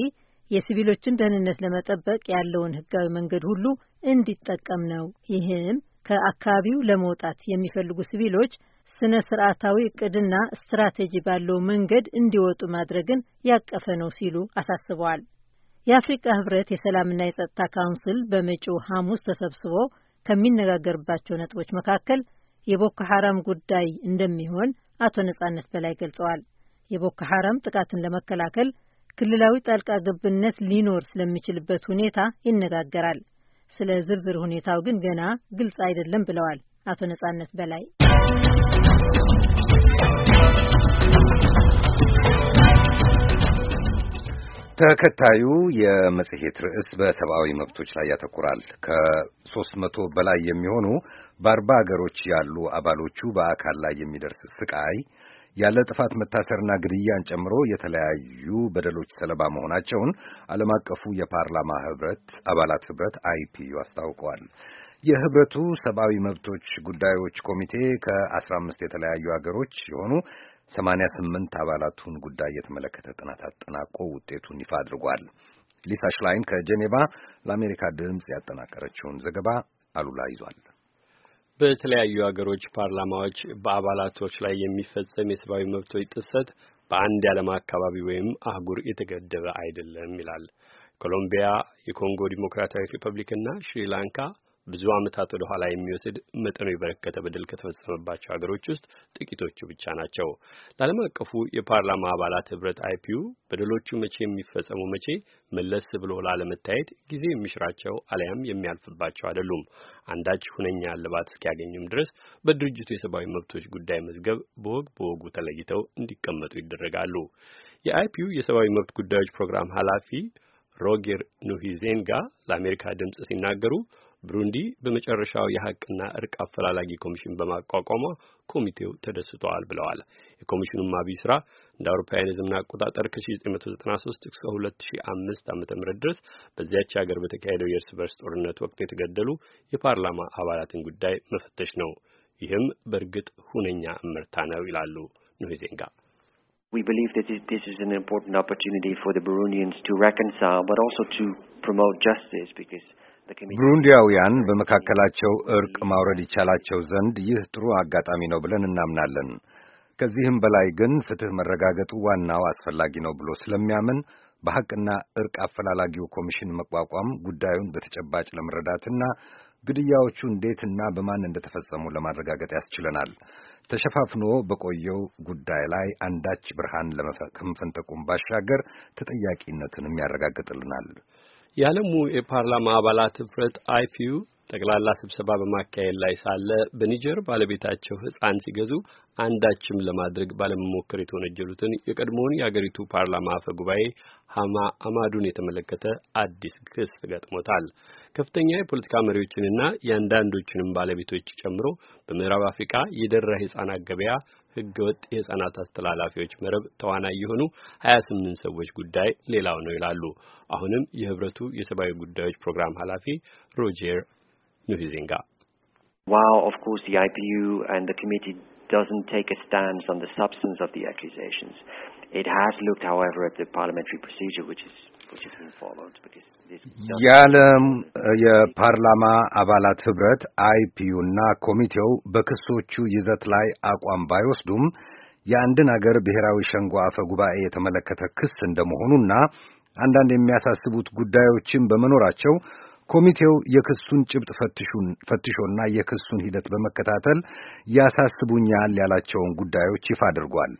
Speaker 9: የሲቪሎችን ደህንነት ለመጠበቅ ያለውን ህጋዊ መንገድ ሁሉ እንዲጠቀም ነው። ይህም ከአካባቢው ለመውጣት የሚፈልጉ ሲቪሎች ስነ ስርዓታዊ እቅድና ስትራቴጂ ባለው መንገድ እንዲወጡ ማድረግን ያቀፈ ነው ሲሉ አሳስበዋል። የአፍሪቃ ህብረት የሰላምና የጸጥታ ካውንስል በመጪው ሐሙስ ተሰብስቦ ከሚነጋገርባቸው ነጥቦች መካከል የቦኮ ሐራም ጉዳይ እንደሚሆን አቶ ነጻነት በላይ ገልጸዋል። የቦኮ ሐራም ጥቃትን ለመከላከል ክልላዊ ጣልቃ ገብነት ሊኖር ስለሚችልበት ሁኔታ ይነጋገራል። ስለ ዝርዝር ሁኔታው ግን ገና ግልጽ አይደለም ብለዋል አቶ ነጻነት በላይ።
Speaker 2: ተከታዩ የመጽሔት ርዕስ በሰብአዊ መብቶች ላይ ያተኩራል። ከሦስት መቶ በላይ የሚሆኑ በአርባ አገሮች ያሉ አባሎቹ በአካል ላይ የሚደርስ ስቃይ ያለ ጥፋት መታሰርና ግድያን ጨምሮ የተለያዩ በደሎች ሰለባ መሆናቸውን ዓለም አቀፉ የፓርላማ ህብረት አባላት ህብረት አይፒዩ አስታውቀዋል። የህብረቱ ሰብአዊ መብቶች ጉዳዮች ኮሚቴ ከአስራ አምስት የተለያዩ ሀገሮች የሆኑ ሰማንያ ስምንት አባላቱን ጉዳይ የተመለከተ ጥናት አጠናቆ ውጤቱን ይፋ አድርጓል። ሊሳ ሽላይን ከጄኔቫ ለአሜሪካ ድምፅ ያጠናቀረችውን ዘገባ አሉላ ይዟል።
Speaker 10: በተለያዩ ሀገሮች ፓርላማዎች በአባላቶች ላይ የሚፈጸም የሰብአዊ መብቶች ጥሰት በአንድ የዓለም አካባቢ ወይም አህጉር የተገደበ አይደለም ይላል። ኮሎምቢያ፣ የኮንጎ ዲሞክራሲያዊ ሪፐብሊክና ሽሪላንካ ብዙ ዓመታት ወደ ኋላ የሚወስድ መጠኑ የበረከተ በደል ከተፈጸመባቸው ሀገሮች ውስጥ ጥቂቶቹ ብቻ ናቸው። ለዓለም አቀፉ የፓርላማ አባላት ህብረት አይፒዩ በደሎቹ መቼ የሚፈጸሙ መቼ መለስ ብሎ ላለመታየት ጊዜ የሚሽራቸው አሊያም የሚያልፍባቸው አይደሉም። አንዳች ሁነኛ እልባት እስኪያገኙም ድረስ በድርጅቱ የሰብአዊ መብቶች ጉዳይ መዝገብ በወግ በወጉ ተለይተው እንዲቀመጡ ይደረጋሉ። የአይፒዩ የሰብአዊ መብት ጉዳዮች ፕሮግራም ኃላፊ ሮጌር ኑሂዜንጋ ለአሜሪካ ድምፅ ሲናገሩ ብሩንዲ በመጨረሻው የሀቅና እርቅ አፈላላጊ ኮሚሽን በማቋቋሟ ኮሚቴው ተደስተዋል ብለዋል። የኮሚሽኑም አብይ ስራ እንደ አውሮፓውያን የዘመን አቆጣጠር ከ1993 እስከ 2005 ም ድረስ በዚያች ሀገር በተካሄደው የእርስ በርስ ጦርነት ወቅት የተገደሉ የፓርላማ አባላትን ጉዳይ መፈተሽ ነው። ይህም በእርግጥ ሁነኛ እምርታ ነው ይላሉ ኖይዜንጋ።
Speaker 3: We believe that this is an important opportunity for the Burundians to reconcile, but also to promote justice because
Speaker 2: ብሩንዲያውያን በመካከላቸው እርቅ ማውረድ ይቻላቸው ዘንድ ይህ ጥሩ አጋጣሚ ነው ብለን እናምናለን። ከዚህም በላይ ግን ፍትሕ መረጋገጡ ዋናው አስፈላጊ ነው ብሎ ስለሚያምን በሐቅና እርቅ አፈላላጊው ኮሚሽን መቋቋም ጉዳዩን በተጨባጭ ለመረዳትና ግድያዎቹ እንዴትና በማን እንደተፈጸሙ ለማረጋገጥ ያስችለናል። ተሸፋፍኖ በቆየው ጉዳይ ላይ አንዳች ብርሃን ከመፈንጠቁም ባሻገር ተጠያቂነትንም ያረጋግጥልናል።
Speaker 10: የዓለሙ የፓርላማ አባላት ህብረት አይፒዩ ጠቅላላ ስብሰባ በማካሄድ ላይ ሳለ በኒጀር ባለቤታቸው ሕፃን ሲገዙ አንዳችም ለማድረግ ባለመሞከር የተወነጀሉትን የቀድሞውን የአገሪቱ ፓርላማ አፈ ጉባኤ ሀማ አማዱን የተመለከተ አዲስ ክስ ገጥሞታል። ከፍተኛ የፖለቲካ መሪዎችንና የአንዳንዶችንም ባለቤቶች ጨምሮ በምዕራብ አፍሪካ የደራ የሕፃናት ገበያ ህገወጥ የህፃናት አስተላላፊዎች መረብ ተዋናይ የሆኑ 28 ሰዎች ጉዳይ ሌላው ነው ይላሉ። አሁንም የህብረቱ የሰብአዊ ጉዳዮች ፕሮግራም ኃላፊ ሮጀር ኑሂዜንጋ
Speaker 3: While of course the IPU and the committee doesn't take a stance on the substance of the accusations, it has looked however at the parliamentary procedure which is
Speaker 2: የዓለም የፓርላማ አባላት ህብረት አይፒዩና ኮሚቴው በክሶቹ ይዘት ላይ አቋም ባይወስዱም የአንድን አገር ብሔራዊ ሸንጎ አፈ ጉባኤ የተመለከተ ክስ እንደመሆኑና አንዳንድ የሚያሳስቡት ጉዳዮችን በመኖራቸው ኮሚቴው የክሱን ጭብጥ ፈትሾና የክሱን ሂደት በመከታተል ያሳስቡኛል ያላቸውን ጉዳዮች ይፋ አድርጓል።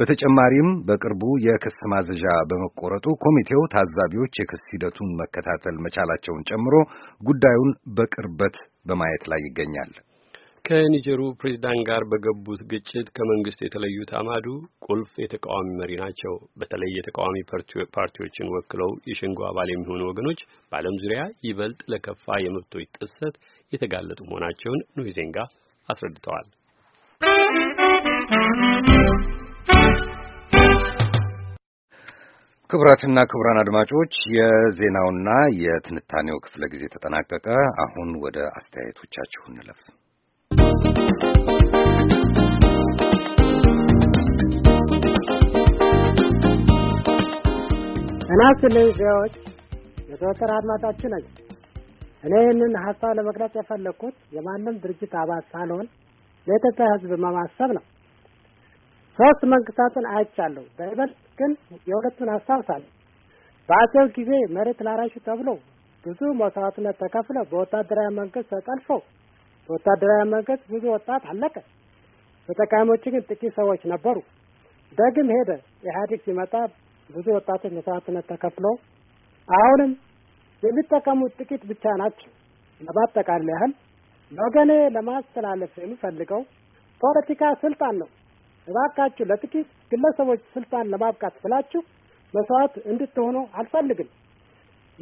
Speaker 2: በተጨማሪም በቅርቡ የክስ ማዘዣ በመቆረጡ ኮሚቴው ታዛቢዎች የክስ ሂደቱን መከታተል መቻላቸውን ጨምሮ ጉዳዩን በቅርበት በማየት ላይ ይገኛል።
Speaker 10: ከኒጀሩ ፕሬዚዳንት ጋር በገቡት ግጭት ከመንግስት የተለዩት አማዱ ቁልፍ የተቃዋሚ መሪ ናቸው። በተለይ የተቃዋሚ ፓርቲዎችን ወክለው የሸንጎ አባል የሚሆኑ ወገኖች በዓለም ዙሪያ ይበልጥ ለከፋ የመብቶች ጥሰት የተጋለጡ መሆናቸውን
Speaker 2: ኑይዜንጋ አስረድተዋል። ክቡራትና ክቡራን አድማጮች የዜናውና የትንታኔው ክፍለ ጊዜ ተጠናቀቀ። አሁን ወደ አስተያየቶቻችሁ እንለፍ።
Speaker 11: እና ስልኝ ሰዎች የተወጠረ አድማጫችሁ ነኝ። እኔ ይህንን ሀሳብ ለመግለጽ የፈለግኩት የማንም ድርጅት አባል ሳልሆን ለኢትዮጵያ ሕዝብ መማሰብ ነው። ሶስት መንግስታትን አይቻለሁ። በይበልጥ ግን የሁለቱን አስታውሳለሁ። በአጼው ጊዜ መሬት ላራሹ ተብሎ ብዙ መስዋዕትነት ተከፍለ በወታደራዊ መንግስት ተጠልፎ በወታደራዊ መንገድ ብዙ ወጣት አለቀ። ተጠቃሚዎች ግን ጥቂት ሰዎች ነበሩ። ደግም ሄደ። ኢህአዴግ ሲመጣ ብዙ ወጣቶች መስዋዕትነት ተከፍለው አሁንም የሚጠቀሙት ጥቂት ብቻ ናቸው። ለማጠቃለል ያህል ለወገኔ ለማስተላለፍ የሚፈልገው ፖለቲካ ስልጣን ነው። እባካችሁ ለጥቂት ግለሰቦች ስልጣን ለማብቃት ብላችሁ መስዋዕት እንድትሆኑ አልፈልግም።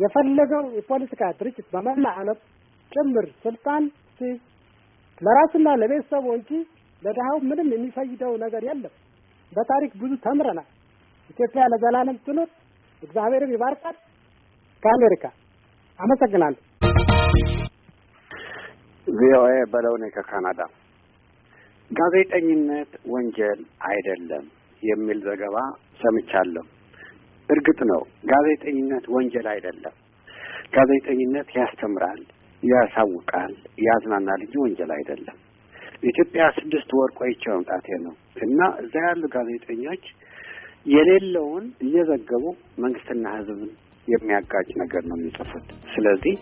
Speaker 11: የፈለገው የፖለቲካ ድርጅት በመላ ዓለም ጭምር ስልጣን ሲይዝ ለራሱና ለቤተሰቡ እንጂ ለድሃው ምንም የሚፈይደው ነገር የለም። በታሪክ ብዙ ተምረናል። ኢትዮጵያ ለዘላለም ትኑር። እግዚአብሔርም ይባርካል። ከአሜሪካ አመሰግናለሁ። ቪኦኤ በለውኔ ከካናዳ። ጋዜጠኝነት ወንጀል አይደለም የሚል ዘገባ ሰምቻለሁ። እርግጥ ነው ጋዜጠኝነት ወንጀል አይደለም። ጋዜጠኝነት ያስተምራል፣ ያሳውቃል፣ ያዝናናል እንጂ ወንጀል አይደለም። ኢትዮጵያ ስድስት ወር ቆይቼ መምጣቴ ነው እና እዛ ያሉ ጋዜጠኞች የሌለውን እየዘገቡ መንግስትና ህዝብን የሚያጋጭ ነገር ነው የሚጽፉት። ስለዚህ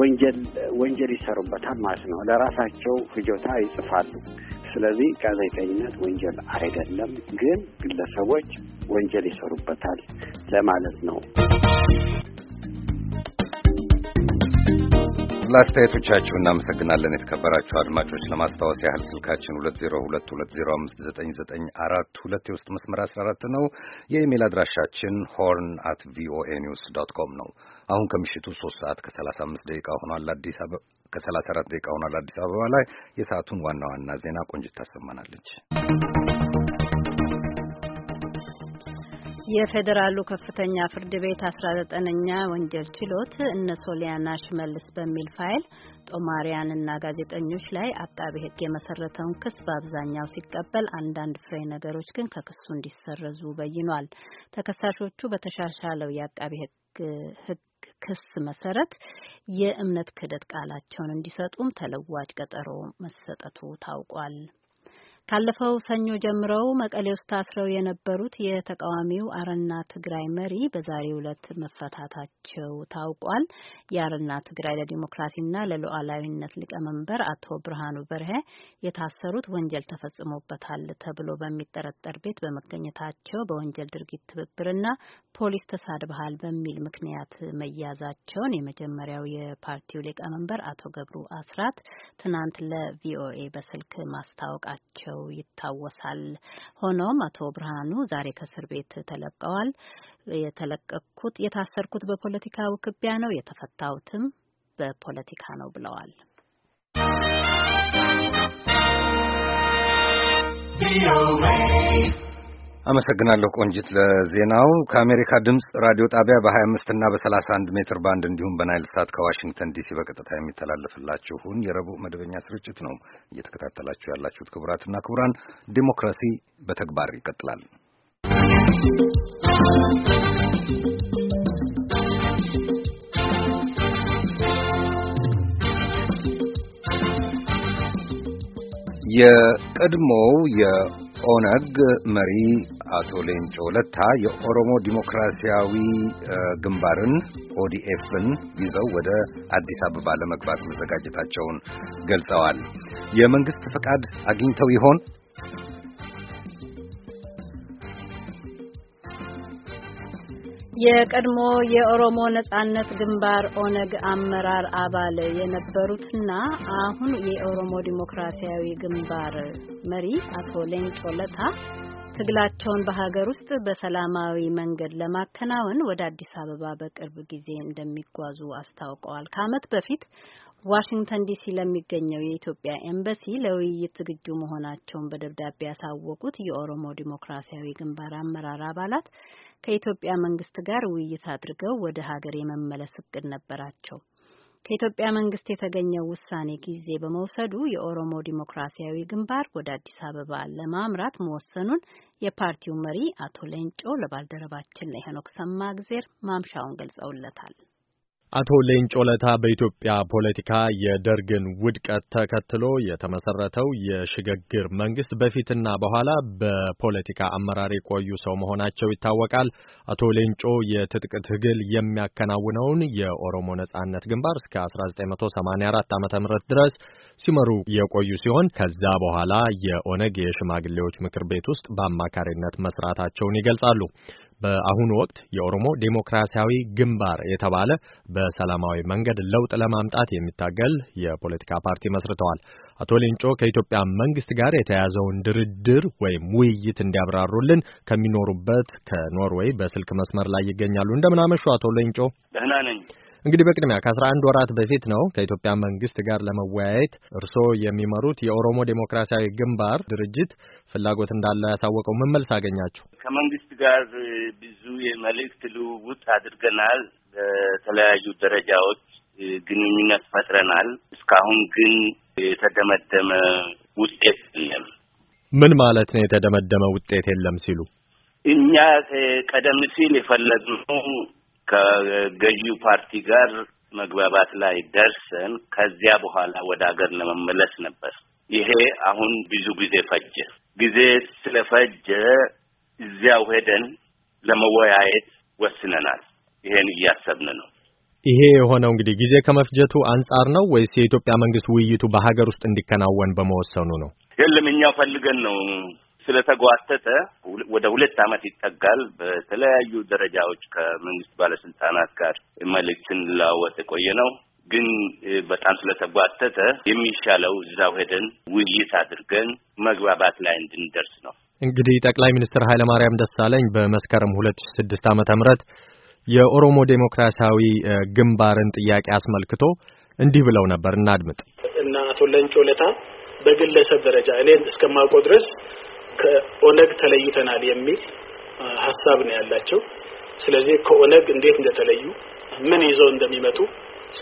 Speaker 11: ወንጀል ወንጀል ይሰሩበታል ማለት ነው። ለራሳቸው ፍጆታ ይጽፋሉ። ስለዚህ ጋዜጠኝነት ወንጀል አይደለም፣ ግን ግለሰቦች ወንጀል ይሰሩበታል ለማለት ነው።
Speaker 2: ለአስተያየቶቻችሁ እናመሰግናለን። የተከበራችሁ አድማጮች ለማስታወስ ያህል ስልካችን 2022059942 የውስጥ መስመር 14 ነው። የኢሜል አድራሻችን ሆርን አት ቪኦኤ ኒውስ ዶት ኮም ነው። አሁን ከምሽቱ 3 ሰዓት ከ35 ደቂቃ ሆኗል። አዲስ አበባ ከ34 ደቂቃ ሆኗል። አዲስ አበባ ላይ የሰዓቱን ዋና ዋና ዜና ቆንጅት ታሰማናለች።
Speaker 1: የፌዴራሉ ከፍተኛ ፍርድ ቤት 19ኛ ወንጀል ችሎት እነ ሶሊያና ሽመልስ በሚል ፋይል ጦማሪያንና ጋዜጠኞች ላይ አጣቢ ሕግ የመሰረተውን ክስ በአብዛኛው ሲቀበል አንዳንድ ፍሬ ነገሮች ግን ከክሱ እንዲሰረዙ በይኗል። ተከሳሾቹ በተሻሻለው የአቃቤ ሕግ ክስ መሰረት የእምነት ክህደት ቃላቸውን እንዲሰጡም ተለዋጭ ቀጠሮ መሰጠቱ ታውቋል። ካለፈው ሰኞ ጀምረው መቀሌ ውስጥ ታስረው የነበሩት የተቃዋሚው አረና ትግራይ መሪ በዛሬው ዕለት መፈታታቸው ታውቋል። የአረና ትግራይ ለዲሞክራሲና ለሉዓላዊነት ሊቀመንበር አቶ ብርሃኑ በርሄ የታሰሩት ወንጀል ተፈጽሞበታል ተብሎ በሚጠረጠር ቤት በመገኘታቸው በወንጀል ድርጊት ትብብርና ፖሊስ ተሳድበሃል በሚል ምክንያት መያዛቸውን የመጀመሪያው የፓርቲው ሊቀመንበር አቶ ገብሩ አስራት ትናንት ለቪኦኤ በስልክ ማስታወቃቸው መሆናቸው ይታወሳል። ሆኖም አቶ ብርሃኑ ዛሬ ከእስር ቤት ተለቀዋል። የተለቀቅኩት የታሰርኩት በፖለቲካ ውክቢያ ነው፣ የተፈታሁትም በፖለቲካ ነው ብለዋል።
Speaker 2: አመሰግናለሁ ቆንጂት ለዜናው። ከአሜሪካ ድምፅ ራዲዮ ጣቢያ በ25 እና በ31 ሜትር ባንድ እንዲሁም በናይል ሳት ከዋሽንግተን ዲሲ በቀጥታ የሚተላለፍላችሁን የረቡዕ መደበኛ ስርጭት ነው እየተከታተላችሁ ያላችሁት። ክቡራትና ክቡራን፣ ዲሞክራሲ በተግባር ይቀጥላል። የቀድሞው የ ኦነግ መሪ አቶ ሌንጮ ለታ የኦሮሞ ዲሞክራሲያዊ ግንባርን ኦዲኤፍን ይዘው ወደ አዲስ አበባ ለመግባት መዘጋጀታቸውን ገልጸዋል። የመንግስት ፈቃድ አግኝተው ይሆን?
Speaker 5: የቀድሞ
Speaker 1: የኦሮሞ ነጻነት ግንባር ኦነግ አመራር አባል የነበሩትና አሁን የኦሮሞ ዲሞክራሲያዊ ግንባር መሪ አቶ ሌንጮ ለታ ትግላቸውን በሀገር ውስጥ በሰላማዊ መንገድ ለማከናወን ወደ አዲስ አበባ በቅርብ ጊዜ እንደሚጓዙ አስታውቀዋል። ከዓመት በፊት ዋሽንግተን ዲሲ ለሚገኘው የኢትዮጵያ ኤምባሲ ለውይይት ዝግጁ መሆናቸውን በደብዳቤ ያሳወቁት የኦሮሞ ዲሞክራሲያዊ ግንባር አመራር አባላት ከኢትዮጵያ መንግስት ጋር ውይይት አድርገው ወደ ሀገር የመመለስ እቅድ ነበራቸው። ከኢትዮጵያ መንግስት የተገኘው ውሳኔ ጊዜ በመውሰዱ የኦሮሞ ዲሞክራሲያዊ ግንባር ወደ አዲስ አበባ ለማምራት መወሰኑን የፓርቲው መሪ አቶ ሌንጮ ለባልደረባችን ለሄኖክ ሰማእግዜር ማምሻውን ገልጸውለታል።
Speaker 12: አቶ ሌንጮ ለታ በኢትዮጵያ ፖለቲካ የደርግን ውድቀት ተከትሎ የተመሰረተው የሽግግር መንግስት በፊትና በኋላ በፖለቲካ አመራር የቆዩ ሰው መሆናቸው ይታወቃል። አቶ ሌንጮ የትጥቅ ትግል የሚያከናውነውን የኦሮሞ ነጻነት ግንባር እስከ 1984 ዓ ም ድረስ ሲመሩ የቆዩ ሲሆን ከዛ በኋላ የኦነግ የሽማግሌዎች ምክር ቤት ውስጥ በአማካሪነት መስራታቸውን ይገልጻሉ። በአሁኑ ወቅት የኦሮሞ ዴሞክራሲያዊ ግንባር የተባለ በሰላማዊ መንገድ ለውጥ ለማምጣት የሚታገል የፖለቲካ ፓርቲ መስርተዋል። አቶ ሌንጮ ከኢትዮጵያ መንግስት ጋር የተያዘውን ድርድር ወይም ውይይት እንዲያብራሩልን ከሚኖሩበት ከኖርዌይ በስልክ መስመር ላይ ይገኛሉ። እንደምናመሹ አቶ ሌንጮ። ደህና ነኝ። እንግዲህ በቅድሚያ ከ11 ወራት በፊት ነው ከኢትዮጵያ መንግስት ጋር ለመወያየት እርስዎ የሚመሩት የኦሮሞ ዴሞክራሲያዊ ግንባር ድርጅት ፍላጎት እንዳለ ያሳወቀው ምን መልስ አገኛችሁ?
Speaker 6: ከመንግስት ጋር ብዙ የመልእክት ልውውጥ አድርገናል። በተለያዩ ደረጃዎች ግንኙነት ፈጥረናል። እስካሁን ግን የተደመደመ ውጤት የለም።
Speaker 12: ምን ማለት ነው የተደመደመ ውጤት የለም ሲሉ?
Speaker 6: እኛ ቀደም ሲል የፈለግነው ከገዢው ፓርቲ ጋር መግባባት ላይ ደርሰን ከዚያ በኋላ ወደ ሀገር ለመመለስ ነበር። ይሄ አሁን ብዙ ጊዜ ፈጀ። ጊዜ ስለፈጀ እዚያው ሄደን ለመወያየት ወስነናል። ይሄን እያሰብን ነው።
Speaker 12: ይሄ የሆነው እንግዲህ ጊዜ ከመፍጀቱ አንጻር ነው ወይስ የኢትዮጵያ መንግስት ውይይቱ በሀገር ውስጥ እንዲከናወን በመወሰኑ ነው?
Speaker 6: የለም እኛው ፈልገን ነው ስለተጓተተ ወደ ሁለት ዓመት ይጠጋል። በተለያዩ ደረጃዎች ከመንግስት ባለስልጣናት ጋር መልእክትን ለዋወጥ የቆየ ነው። ግን በጣም ስለተጓተተ የሚሻለው እዛው ሄደን ውይይት አድርገን መግባባት ላይ እንድንደርስ ነው።
Speaker 12: እንግዲህ ጠቅላይ ሚኒስትር ኃይለማርያም ደሳለኝ በመስከረም ሁለት ሺ ስድስት ዓመተ ምህረት የኦሮሞ ዴሞክራሲያዊ ግንባርን ጥያቄ አስመልክቶ እንዲህ ብለው ነበር። እናድምጥ
Speaker 6: እና አቶ ለንጮ ለታ
Speaker 10: በግለሰብ ደረጃ እኔ እስከማውቀው ድረስ ከኦነግ ተለይተናል የሚል ሀሳብ ነው ያላቸው። ስለዚህ ከኦነግ እንዴት እንደተለዩ ምን ይዘው እንደሚመጡ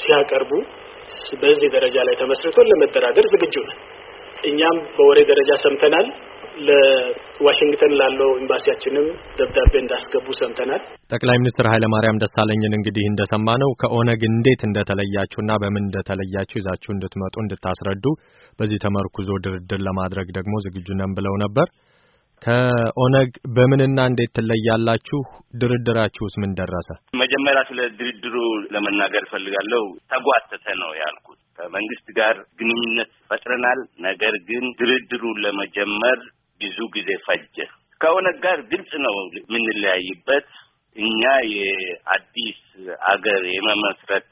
Speaker 10: ሲያቀርቡ በዚህ ደረጃ ላይ ተመስርቶ ለመደራደር ዝግጁ ነን።
Speaker 6: እኛም በወሬ ደረጃ ሰምተናል። ለዋሽንግተን ላለው ኤምባሲያችንም ደብዳቤ እንዳስገቡ ሰምተናል።
Speaker 12: ጠቅላይ ሚኒስትር ኃይለማርያም ደሳለኝን እንግዲህ እንደሰማ ነው ከኦነግ እንዴት እንደተለያችሁና በምን እንደተለያችሁ ይዛችሁ እንድትመጡ እንድታስረዱ በዚህ ተመርኩዞ ድርድር ለማድረግ ደግሞ ዝግጁ ነን ብለው ነበር። ከኦነግ በምንና እንዴት ትለያላችሁ? ድርድራችሁስ ምን ደረሰ?
Speaker 6: መጀመሪያ ስለ ድርድሩ ለመናገር እፈልጋለሁ። ተጓተተ ነው ያልኩት። ከመንግስት ጋር ግንኙነት ፈጥረናል። ነገር ግን ድርድሩ ለመጀመር ብዙ ጊዜ ፈጀ። ከኦነግ ጋር ግልጽ ነው የምንለያይበት። እኛ የአዲስ አገር የመመስረት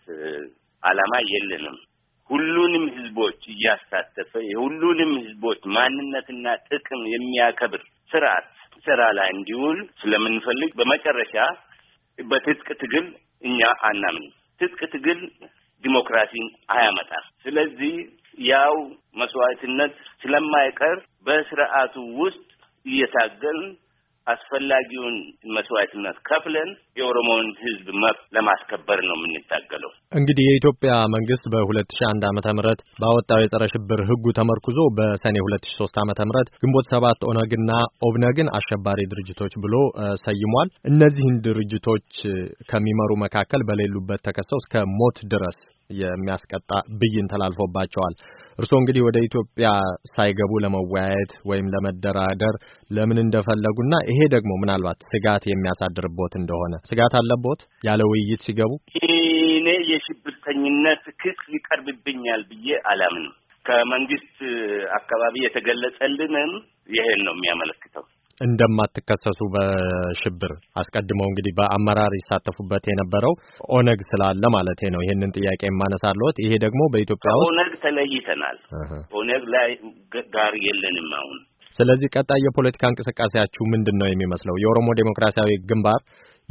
Speaker 6: አላማ የለንም። ሁሉንም ህዝቦች እያሳተፈ የሁሉንም ህዝቦች ማንነትና ጥቅም የሚያከብር ስርዓት ስራ ላይ እንዲውል ስለምንፈልግ በመጨረሻ በትጥቅ ትግል እኛ አናምን። ትጥቅ ትግል ዲሞክራሲን አያመጣም። ስለዚህ ያው መስዋዕትነት ስለማይቀር በስርዓቱ ውስጥ እየታገልን አስፈላጊውን መስዋዕትነት ከፍለን የኦሮሞውን ህዝብ መብት ለማስከበር ነው የምንታገለው።
Speaker 12: እንግዲህ የኢትዮጵያ መንግስት በሁለት ሺ አንድ ዓመተ ምህረት ባወጣው የጸረ ሽብር ህጉ ተመርኩዞ በሰኔ ሁለት ሺ ሶስት ዓመተ ምህረት ግንቦት ሰባት ኦነግና ኦብነግን አሸባሪ ድርጅቶች ብሎ ሰይሟል። እነዚህን ድርጅቶች ከሚመሩ መካከል በሌሉበት ተከሰው እስከ ሞት ድረስ የሚያስቀጣ ብይን ተላልፎባቸዋል። እርስዎ እንግዲህ ወደ ኢትዮጵያ ሳይገቡ ለመወያየት ወይም ለመደራደር ለምን እንደፈለጉና ይሄ ደግሞ ምናልባት ስጋት የሚያሳድርቦት እንደሆነ ስጋት አለቦት? ያለ ውይይት ሲገቡ
Speaker 6: እኔ የሽብርተኝነት ክስ ይቀርብብኛል ብዬ አላምንም። ከመንግስት አካባቢ የተገለጸልንም ይሄን ነው የሚያመለክተው።
Speaker 12: እንደማትከሰሱ በሽብር አስቀድመው እንግዲህ በአመራር ይሳተፉበት የነበረው ኦነግ ስላለ ማለት ነው። ይህንን ጥያቄ የማነሳለሁት ይሄ ደግሞ በኢትዮጵያ ውስጥ ኦነግ
Speaker 6: ተለይተናል። ኦነግ ላይ ጋር የለንም አሁን።
Speaker 12: ስለዚህ ቀጣይ የፖለቲካ እንቅስቃሴያችሁ ምንድን ነው የሚመስለው? የኦሮሞ ዴሞክራሲያዊ ግንባር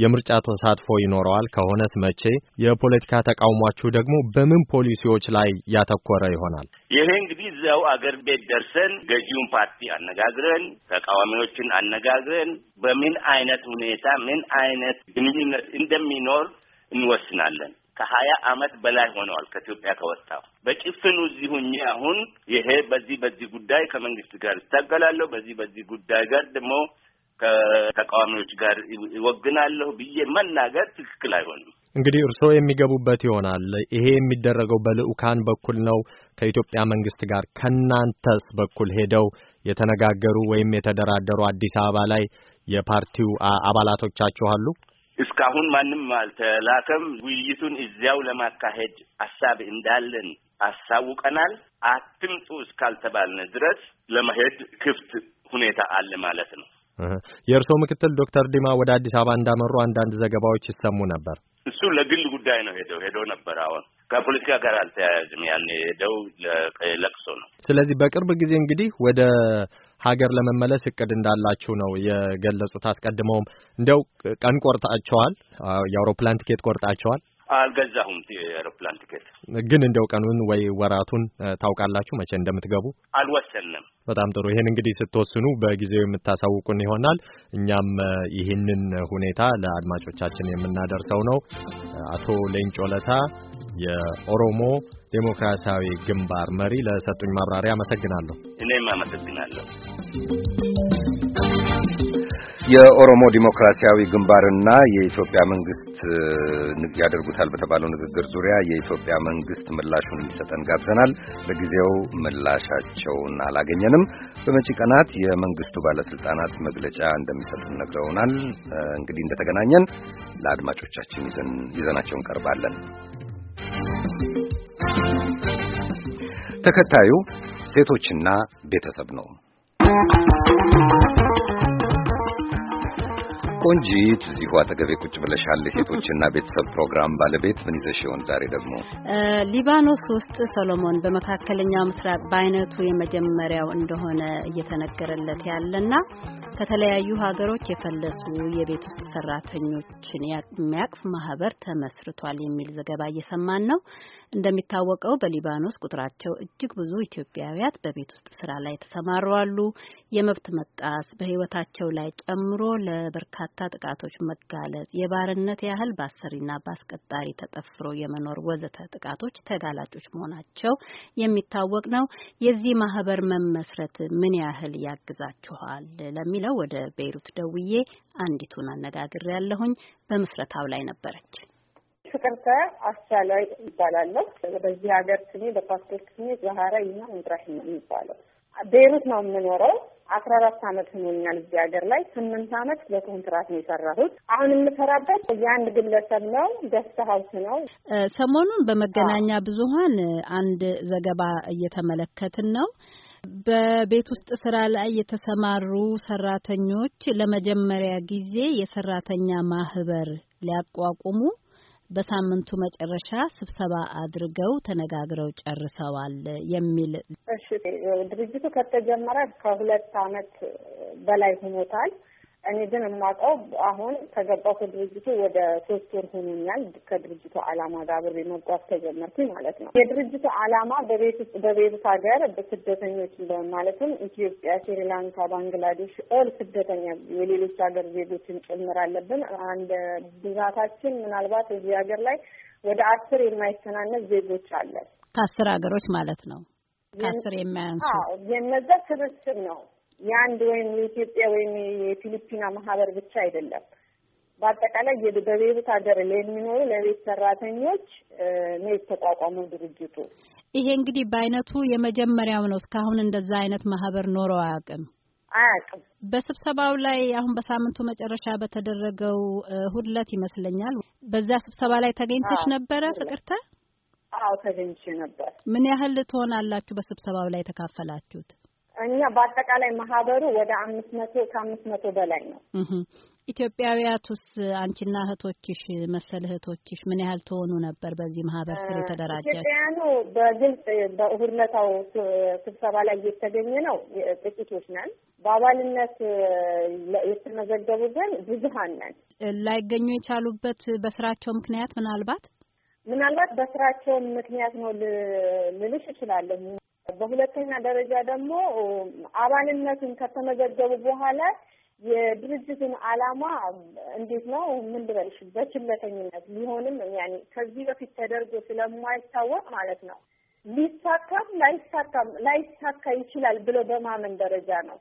Speaker 12: የምርጫ ተሳትፎ ይኖረዋል? ከሆነስ መቼ? የፖለቲካ ተቃውሟችሁ ደግሞ በምን ፖሊሲዎች ላይ ያተኮረ ይሆናል?
Speaker 6: ይሄ እንግዲህ እዚያው አገር ቤት ደርሰን ገዢውን ፓርቲ አነጋግረን ተቃዋሚዎችን አነጋግረን በምን አይነት ሁኔታ ምን አይነት ግንኙነት እንደሚኖር እንወስናለን። ከሀያ አመት በላይ ሆነዋል ከኢትዮጵያ ከወጣው በጭፍኑ እዚሁ አሁን ይሄ በዚህ በዚህ ጉዳይ ከመንግስት ጋር ይታገላለሁ፣ በዚህ በዚህ ጉዳይ ጋር ደግሞ ከተቃዋሚዎች ጋር ይወግናለሁ ብዬ መናገር ትክክል አይሆንም።
Speaker 12: እንግዲህ እርስዎ የሚገቡበት ይሆናል። ይሄ የሚደረገው በልዑካን በኩል ነው ከኢትዮጵያ መንግስት ጋር። ከናንተስ በኩል ሄደው የተነጋገሩ ወይም የተደራደሩ አዲስ አበባ ላይ የፓርቲው አባላቶቻችሁ አሉ?
Speaker 6: እስካሁን ማንም አልተላከም። ውይይቱን እዚያው ለማካሄድ ሀሳብ እንዳለን አሳውቀናል። አትምጡ እስካልተባልን ድረስ ለመሄድ ክፍት ሁኔታ አለ ማለት ነው።
Speaker 12: የእርስዎ ምክትል ዶክተር ዲማ ወደ አዲስ አበባ እንዳመሩ አንዳንድ ዘገባዎች ይሰሙ ነበር።
Speaker 6: እሱ ለግል ጉዳይ ነው ሄደው ሄደው ነበር። አሁን ከፖለቲካ ጋር አልተያያዝም። ያን ሄደው ለቅሶ ነው።
Speaker 12: ስለዚህ በቅርብ ጊዜ እንግዲህ ወደ ሀገር ለመመለስ እቅድ እንዳላችሁ ነው የገለጹት። አስቀድመውም እንደው ቀን ቆርጣቸዋል? የአውሮፕላን ትኬት ቆርጣቸዋል?
Speaker 6: አልገዛሁም የአውሮፕላን ትኬት።
Speaker 12: ግን እንደው ቀኑን ወይ ወራቱን ታውቃላችሁ መቼ እንደምትገቡ
Speaker 6: አልወሰንም
Speaker 12: በጣም ጥሩ ይሄን እንግዲህ ስትወስኑ በጊዜው የምታሳውቁን ይሆናል እኛም ይህንን ሁኔታ ለአድማጮቻችን የምናደርሰው ነው አቶ ሌንጮ ለታ የኦሮሞ ዴሞክራሲያዊ ግንባር መሪ ለሰጡኝ ማብራሪያ አመሰግናለሁ
Speaker 5: እኔም አመሰግናለሁ
Speaker 2: የኦሮሞ ዲሞክራሲያዊ ግንባርና የኢትዮጵያ መንግስት ያደርጉታል በተባለው ንግግር ዙሪያ የኢትዮጵያ መንግስት ምላሹን እንዲሰጠን ጋብዘናል። ለጊዜው ምላሻቸውን አላገኘንም። በመጪ ቀናት የመንግስቱ ባለስልጣናት መግለጫ እንደሚሰጡን ነግረውናል። እንግዲህ እንደተገናኘን ለአድማጮቻችን ይዘናቸው እንቀርባለን። ተከታዩ ሴቶችና ቤተሰብ ነው። ቆንጂት እዚሁ አጠገቤ ቁጭ ብለሻል። ሴቶችና ቤተሰብ ፕሮግራም ባለቤት ምን ይዘሽ ይሆን ዛሬ? ደግሞ
Speaker 1: ሊባኖስ ውስጥ ሰሎሞን በመካከለኛው ምስራቅ በአይነቱ የመጀመሪያው እንደሆነ እየተነገረለት ያለና ከተለያዩ ሀገሮች የፈለሱ የቤት ውስጥ ሰራተኞችን የሚያቅፍ ማህበር ተመስርቷል የሚል ዘገባ እየሰማን ነው። እንደሚታወቀው በሊባኖስ ቁጥራቸው እጅግ ብዙ ኢትዮጵያውያት በቤት ውስጥ ስራ ላይ ተሰማሩ አሉ። የመብት መጣስ በህይወታቸው ላይ ጨምሮ ለበርካታ ለበርካታ ጥቃቶች መጋለጥ፣ የባርነት ያህል በአሰሪና በአስቀጣሪ ተጠፍሮ የመኖር ወዘተ ጥቃቶች ተጋላጮች መሆናቸው የሚታወቅ ነው። የዚህ ማህበር መመስረት ምን ያህል ያግዛችኋል ለሚለው ወደ ቤይሩት ደውዬ አንዲቱን አነጋግሬ ያለሁኝ በምስረታው ላይ ነበረች።
Speaker 13: ፍቅርተ አስቻላይ ይባላለሁ። በዚህ ሀገር ስሜ በፓስፖርት ስሜ ዛሀራ ይና ምድራሽ ነው የሚባለው። ቤይሩት ነው የምኖረው። አስራ አራት አመት ሆኖኛል እዚህ ሀገር ላይ ስምንት አመት በኮንትራት ነው የሰራሁት። አሁን የምሰራበት የአንድ ግለሰብ ነው፣ ደስታ ሀውስ ነው።
Speaker 1: ሰሞኑን በመገናኛ ብዙሀን አንድ ዘገባ እየተመለከትን ነው። በቤት ውስጥ ስራ ላይ የተሰማሩ ሰራተኞች ለመጀመሪያ ጊዜ የሰራተኛ ማህበር ሊያቋቁሙ በሳምንቱ መጨረሻ ስብሰባ አድርገው ተነጋግረው ጨርሰዋል የሚል
Speaker 13: ድርጅቱ ከተጀመረ ከሁለት ዓመት በላይ ሆኖታል። እኔ ግን የማውቀው አሁን ከገባው ከድርጅቱ ወደ ሶስት ወር ሆኖኛል። ከድርጅቱ አላማ ጋር አብሬ መጓዝ ተጀመርኩኝ ማለት ነው። የድርጅቱ አላማ በቤት ውስጥ በቤሩት ሀገር በስደተኞች ማለትም ኢትዮጵያ፣ ስሪላንካ፣ ባንግላዴሽ ኦል ስደተኛ የሌሎች ሀገር ዜጎችን ጭምር አለብን። አንድ ብዛታችን ምናልባት እዚህ ሀገር ላይ ወደ አስር የማይተናነስ ዜጎች አለን።
Speaker 1: ከአስር ሀገሮች ማለት ነው።
Speaker 13: ከአስር የማያንሱ የነዛ ስብስብ ነው። የአንድ ወይም የኢትዮጵያ ወይም የፊሊፒና ማህበር ብቻ አይደለም። በአጠቃላይ በቤሩት ሀገር የሚኖሩ ለቤት ሰራተኞች ነው የተቋቋመው ድርጅቱ።
Speaker 1: ይሄ እንግዲህ በአይነቱ የመጀመሪያው ነው። እስካሁን እንደዛ አይነት ማህበር ኖረው አያውቅም አያውቅም። በስብሰባው ላይ አሁን በሳምንቱ መጨረሻ በተደረገው ሁለት ይመስለኛል። በዛ ስብሰባ ላይ ተገኝተሽ ነበረ
Speaker 13: ፍቅርተ? አዎ ተገኝቼ ነበር።
Speaker 1: ምን ያህል ትሆናላችሁ በስብሰባው ላይ የተካፈላችሁት?
Speaker 13: እኛ በአጠቃላይ ማህበሩ ወደ አምስት መቶ ከአምስት መቶ በላይ ነው።
Speaker 1: ኢትዮጵያውያቱስ አንቺና እህቶችሽ መሰል እህቶችሽ ምን ያህል ትሆኑ ነበር በዚህ ማህበር ስር የተደራጃችሁ?
Speaker 13: በግልጽ በእሁድ ዕለታው ስብሰባ ላይ እየተገኘ ነው ጥቂቶች ነን። በአባልነት የተመዘገቡ ግን ብዙሀን ነን።
Speaker 1: ላይገኙ የቻሉበት በስራቸው ምክንያት ምናልባት
Speaker 13: ምናልባት በስራቸው ምክንያት ነው ልልሽ እችላለሁ። በሁለተኛ ደረጃ ደግሞ አባልነትን ከተመዘገቡ በኋላ የድርጅቱን ዓላማ እንዴት ነው ምን ልበልሽ፣ በችለተኝነት ሊሆንም ያኔ ከዚህ በፊት ተደርጎ ስለማይታወቅ ማለት ነው ሊሳካም ላይሳካም ላይሳካ ይችላል ብሎ በማመን ደረጃ ነው።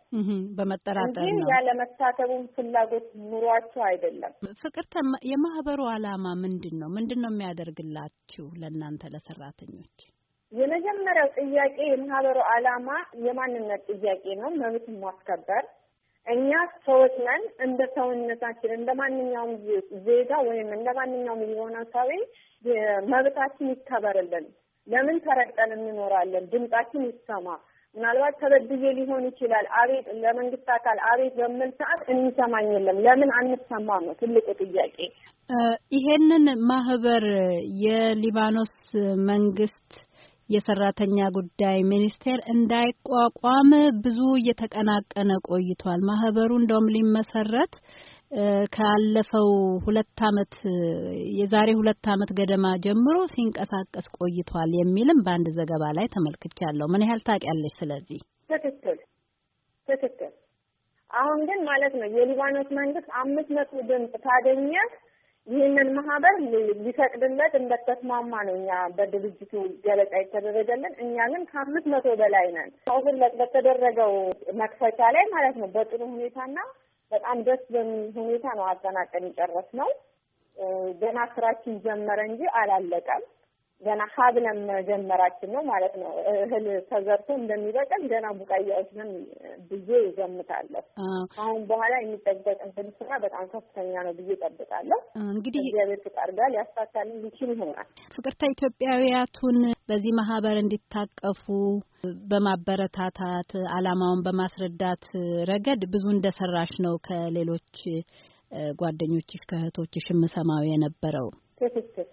Speaker 1: በመጠራጠር ነው።
Speaker 13: ያለመሳተቡም ፍላጎት ኑሯቸው አይደለም።
Speaker 1: ፍቅርተ፣ የማህበሩ ዓላማ ምንድን ነው? ምንድን ነው የሚያደርግላችሁ ለእናንተ ለሰራተኞች?
Speaker 13: የመጀመሪያው ጥያቄ የማህበሩ ዓላማ የማንነት ጥያቄ ነው፣ መብት ማስከበር። እኛ ሰዎች ነን። እንደ ሰውነታችን እንደ ማንኛውም ዜጋ ወይም እንደ ማንኛውም ሰዊ መብታችን ይከበርልን። ለምን ተረግጠን እንኖራለን? ድምጻችን ይሰማ። ምናልባት ተበድዬ ሊሆን ይችላል። አቤት ለመንግስት አካል አቤት በምል ሰዓት እንሰማኝ የለም። ለምን አንሰማ ነው ትልቁ ጥያቄ።
Speaker 1: ይሄንን ማህበር የሊባኖስ መንግስት የሰራተኛ ጉዳይ ሚኒስቴር እንዳይቋቋም ብዙ እየተቀናቀነ ቆይቷል። ማህበሩ እንደውም ሊመሰረት ካለፈው ሁለት አመት የዛሬ ሁለት አመት ገደማ ጀምሮ ሲንቀሳቀስ ቆይቷል የሚልም በአንድ ዘገባ ላይ ተመልክቻለሁ። ምን ያህል ታውቂያለሽ? ስለዚህ
Speaker 13: ትክክል ትክክል። አሁን ግን ማለት ነው የሊባኖስ መንግስት አምስት መቶ ድምፅ ካገኘ ይህንን ማህበር ሊፈቅድለት እንደተስማማ ነው እኛ በድርጅቱ ገለጻ የተደረገልን። እኛ ግን ከአምስት መቶ በላይ ነን። ሁለት በተደረገው መክፈቻ ላይ ማለት ነው በጥሩ ሁኔታና በጣም ደስ በሚል ሁኔታ ነው አጠናቀን ጨረስ ነው። ገና ስራችን ጀመረ እንጂ አላለቀም። ገና ሀብለን መጀመራችን ነው ማለት ነው። እህል ተዘርቶ እንደሚበቅል ገና ቡቃያዎች ብዬ ይገምታለሁ። አሁን በኋላ የሚጠበቅ እንትን ስራ በጣም ከፍተኛ ነው ብዬ እጠብቃለሁ። እንግዲህ እግዚአብሔር ፍቃድ ጋር ሊያሳካል ሊችል ይሆናል። ፍቅርተ
Speaker 1: ኢትዮጵያውያቱን በዚህ ማህበር እንዲታቀፉ በማበረታታት አላማውን በማስረዳት ረገድ ብዙ እንደሰራሽ ነው ከሌሎች ጓደኞችሽ ከእህቶችሽ የምሰማው የነበረው
Speaker 13: ትክክል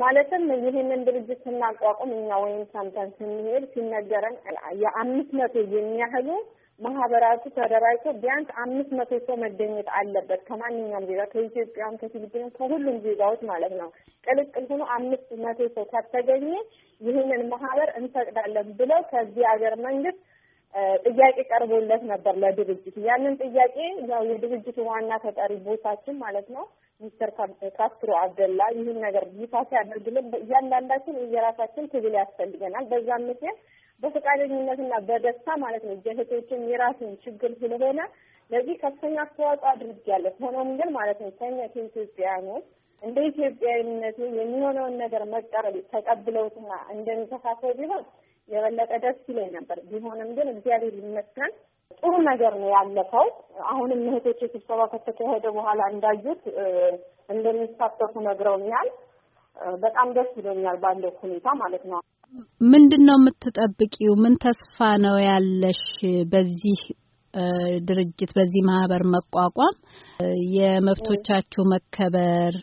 Speaker 13: ማለትም ይህንን ድርጅት ስናቋቁም እኛ ወይም ሳምተን ስንሄድ ሲነገረን የአምስት መቶ የሚያህሉ ማህበራቱ ተደራጅቶ ቢያንስ አምስት መቶ ሰው መገኘት አለበት። ከማንኛውም ዜጋ ከኢትዮጵያም፣ ከፊሊፒንም ከሁሉም ዜጋዎች ማለት ነው። ቅልቅል ሆኖ አምስት መቶ ሰው ከተገኘ ይህንን ማህበር እንፈቅዳለን ብለው ከዚህ ሀገር መንግስት ጥያቄ ቀርቦለት ነበር ለድርጅት። ያንን ጥያቄ ያው የድርጅቱ ዋና ተጠሪ ቦታችን ማለት ነው ሚስተር ካስትሮ አብደላ ይህን ነገር ይፋ ሲያደርግልን እያንዳንዳችን እየራሳችን ትግል ያስፈልገናል። በዛም ምክንያት በፈቃደኝነትና በደስታ ማለት ነው እህቶችን የራስን ችግር ስለሆነ ለዚህ ከፍተኛ አስተዋጽኦ አድርጌያለሁ። ሆኖም ግን ማለት ነው ከኛ ከኢትዮጵያኖች እንደ ኢትዮጵያዊነቱ የሚሆነውን ነገር መቀረብ ተቀብለውትና እንደሚተሳሰብ ቢሆን የበለጠ ደስ ይለኝ ነበር። ቢሆንም ግን እግዚአብሔር ይመስገን ጥሩ ነገር ነው ያለፈው። አሁንም እህቶች ስብሰባ ከተካሄደ በኋላ እንዳዩት እንደሚሳተፉ ነግረውኛል። በጣም ደስ ይለኛል ባለው ሁኔታ ማለት ነው።
Speaker 1: ምንድን ነው የምትጠብቂው? ምን ተስፋ ነው ያለሽ በዚህ ድርጅት በዚህ ማህበር መቋቋም የመብቶቻችሁ መከበር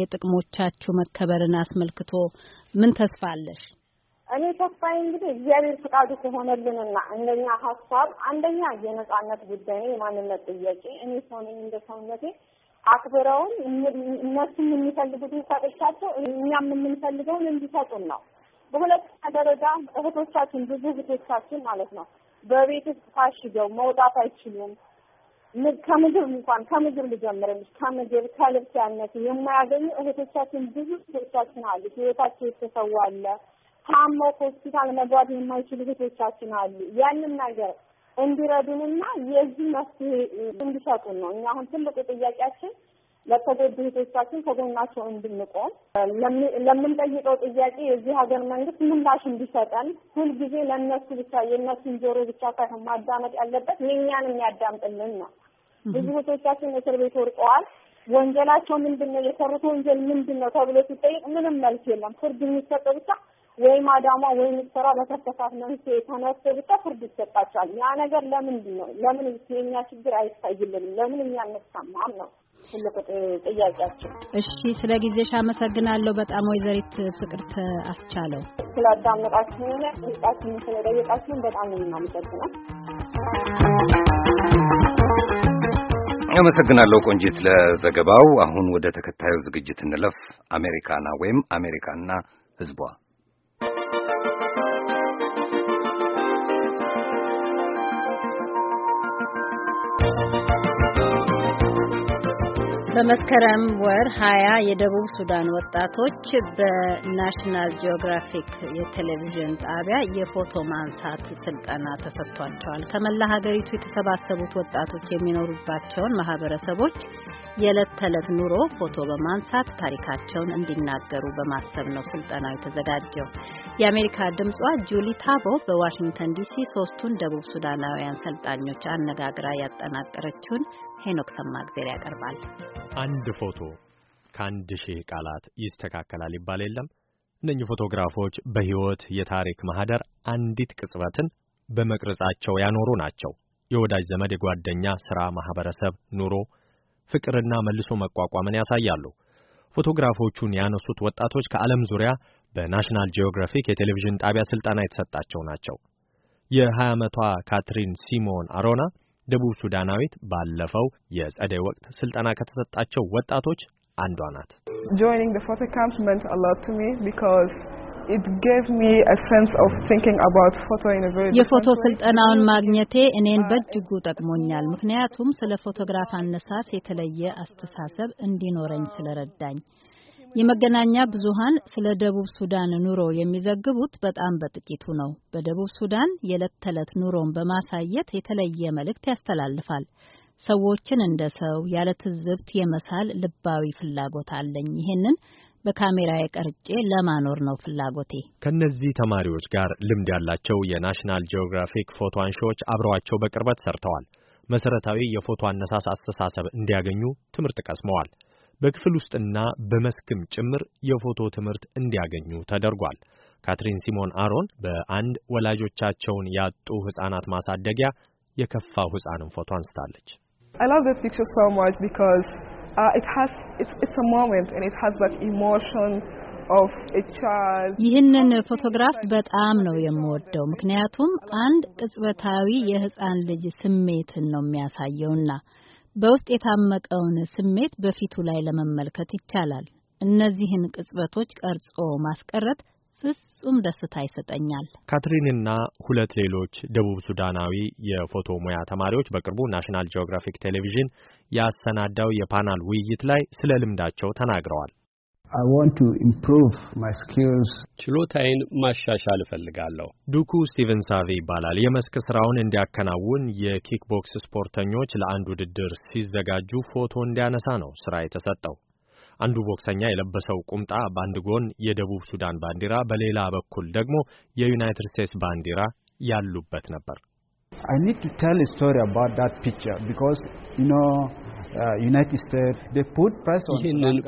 Speaker 1: የጥቅሞቻችሁ መከበርን አስመልክቶ ምን ተስፋ አለሽ?
Speaker 13: እኔ ተስፋዬ እንግዲህ እግዚአብሔር ፍቃዱ ከሆነልንና እንደኛ ሀሳብ አንደኛ የነጻነት ጉዳይ ነው፣ የማንነት ጥያቄ እኔ ሰው ነኝ እንደ ሰውነቴ አክብረውን እነሱም የሚፈልጉትን ሰጥቻቸው እኛም የምንፈልገውን እንዲሰጡን ነው። በሁለተኛ ደረጃ እህቶቻችን ብዙ እህቶቻችን ማለት ነው በቤት ውስጥ ታሽገው መውጣት አይችሉም። ከምግብ እንኳን ከምግብ ልጀምርልሽ፣ ከምግብ ከልብስ ያነት የማያገኙ እህቶቻችን ብዙ እህቶቻችን አሉ። ህይወታቸው የተሰዋለ ታሞ ሆስፒታል መግባት የማይችሉ ህቶቻችን አሉ። ያንን ነገር እንዲረዱንና የዚህ መፍትሄ እንዲሰጡን ነው። እኛ አሁን ትልቁ ጥያቄያችን ለተጎዱ ህቶቻችን ከጎናቸው እንድንቆም፣ ለምንጠይቀው ጥያቄ የዚህ ሀገር መንግስት ምላሽ እንዲሰጠን፣ ሁልጊዜ ለእነሱ ብቻ የእነሱን ጆሮ ብቻ ሳይሆን ማዳመጥ ያለበት የእኛን የሚያዳምጥልን ነው። ብዙ ህቶቻችን እስር ቤት ወርቀዋል። ወንጀላቸው ምንድን ነው? የሰሩት ወንጀል ምንድን ነው ተብሎ ሲጠይቅ ምንም መልስ የለም። ፍርድ የሚሰጠው ብቻ ወይም አዳማ ወይም ሰራ በከተፋት መንስኤ ተነስቶ ብቻ ፍርድ ይሰጣቸዋል። ያ ነገር ለምንድን ነው? ለምን የኛ ችግር አይታይልንም? ለምን እኛ አንሰማም ነው ትልቁ ጥያቄያቸው።
Speaker 1: እሺ፣ ስለ ጊዜሽ አመሰግናለሁ በጣም ወይዘሪት ፍቅርት
Speaker 13: አስቻለው። ስላዳመጣችሁ ሆነ ጣችሁን ስለጠየቃችሁን በጣም ነው የምናመሰግነው።
Speaker 2: አመሰግናለሁ ቆንጂት ለዘገባው። አሁን ወደ ተከታዩ ዝግጅት እንለፍ። አሜሪካና ወይም አሜሪካና
Speaker 6: ህዝቧ
Speaker 5: በመስከረም
Speaker 1: ወር ሀያ የደቡብ ሱዳን ወጣቶች በናሽናል ጂኦግራፊክ የቴሌቪዥን ጣቢያ የፎቶ ማንሳት ስልጠና ተሰጥቷቸዋል። ከመላ ሀገሪቱ የተሰባሰቡት ወጣቶች የሚኖሩባቸውን ማህበረሰቦች የዕለት ተዕለት ኑሮ ፎቶ በማንሳት ታሪካቸውን እንዲናገሩ በማሰብ ነው ስልጠናው የተዘጋጀው። የአሜሪካ ድምጿ ጁሊ ታቦ በዋሽንግተን ዲሲ ሶስቱን ደቡብ ሱዳናውያን ሰልጣኞች አነጋግራ ያጠናቀረችውን ሄኖክ ሰማግዜር ያቀርባል።
Speaker 12: አንድ ፎቶ ከአንድ ሺህ ቃላት ይስተካከላል ይባል የለም። እነኚህ ፎቶግራፎች በሕይወት የታሪክ ማህደር አንዲት ቅጽበትን በመቅረጻቸው ያኖሩ ናቸው። የወዳጅ ዘመድ፣ የጓደኛ፣ ሥራ፣ ማህበረሰብ፣ ኑሮ፣ ፍቅርና መልሶ መቋቋምን ያሳያሉ። ፎቶግራፎቹን ያነሱት ወጣቶች ከዓለም ዙሪያ በናሽናል ጂኦግራፊክ የቴሌቪዥን ጣቢያ ስልጠና የተሰጣቸው ናቸው። የ20 ዓመቷ ካትሪን ሲሞን አሮና ደቡብ ሱዳናዊት ባለፈው የጸደይ ወቅት ስልጠና ከተሰጣቸው ወጣቶች አንዷ ናት።
Speaker 7: Joining the photo camps meant a lot to me because it gave me a sense of thinking about photo in a very የፎቶ
Speaker 1: ስልጠናውን ማግኘቴ እኔን በእጅጉ ጠቅሞኛል። ምክንያቱም ስለ ፎቶግራፍ አነሳስ የተለየ አስተሳሰብ እንዲኖረኝ ስለረዳኝ የመገናኛ ብዙሃን ስለ ደቡብ ሱዳን ኑሮ የሚዘግቡት በጣም በጥቂቱ ነው። በደቡብ ሱዳን የዕለት ተዕለት ኑሮን በማሳየት የተለየ መልእክት ያስተላልፋል። ሰዎችን እንደ ሰው ያለ ትዝብት የመሳል ልባዊ ፍላጎት አለኝ። ይሄንን በካሜራ የቀርጬ ለማኖር ነው ፍላጎቴ።
Speaker 12: ከነዚህ ተማሪዎች ጋር ልምድ ያላቸው የናሽናል ጂኦግራፊክ ፎቶ አንሺዎች አብረዋቸው በቅርበት ሰርተዋል። መሰረታዊ የፎቶ አነሳስ አስተሳሰብ እንዲያገኙ ትምህርት ቀስመዋል። በክፍል ውስጥና በመስክም ጭምር የፎቶ ትምህርት እንዲያገኙ ተደርጓል። ካትሪን ሲሞን አሮን በአንድ ወላጆቻቸውን ያጡ ሕፃናት ማሳደጊያ የከፋው ሕፃንን ፎቶ አንስታለች።
Speaker 7: uh,
Speaker 1: ይህንን ፎቶግራፍ በጣም ነው የምወደው፣ ምክንያቱም አንድ ቅጽበታዊ የህፃን ልጅ ስሜትን ነው የሚያሳየውና በውስጥ የታመቀውን ስሜት በፊቱ ላይ ለመመልከት ይቻላል። እነዚህን ቅጽበቶች ቀርጾ ማስቀረት ፍጹም ደስታ ይሰጠኛል።
Speaker 12: ካትሪንና ሁለት ሌሎች ደቡብ ሱዳናዊ የፎቶ ሙያ ተማሪዎች በቅርቡ ናሽናል ጂኦግራፊክ ቴሌቪዥን ያሰናዳው የፓናል ውይይት ላይ ስለ ልምዳቸው ተናግረዋል።
Speaker 4: I want to improve my skills.
Speaker 12: ችሎታዬን ማሻሻል እፈልጋለሁ። ዱኩ ስቲቨን ሳቬ ይባላል። የመስክ ስራውን እንዲያከናውን የኪክቦክስ ቦክስ ስፖርተኞች ለአንድ ውድድር ሲዘጋጁ ፎቶ እንዲያነሳ ነው ስራ የተሰጠው። አንዱ ቦክሰኛ የለበሰው ቁምጣ በአንድ ጎን የደቡብ ሱዳን ባንዲራ፣ በሌላ በኩል ደግሞ የዩናይትድ ስቴትስ ባንዲራ ያሉበት ነበር።
Speaker 3: I need to tell a story about that picture because, you know, uh, ይህንን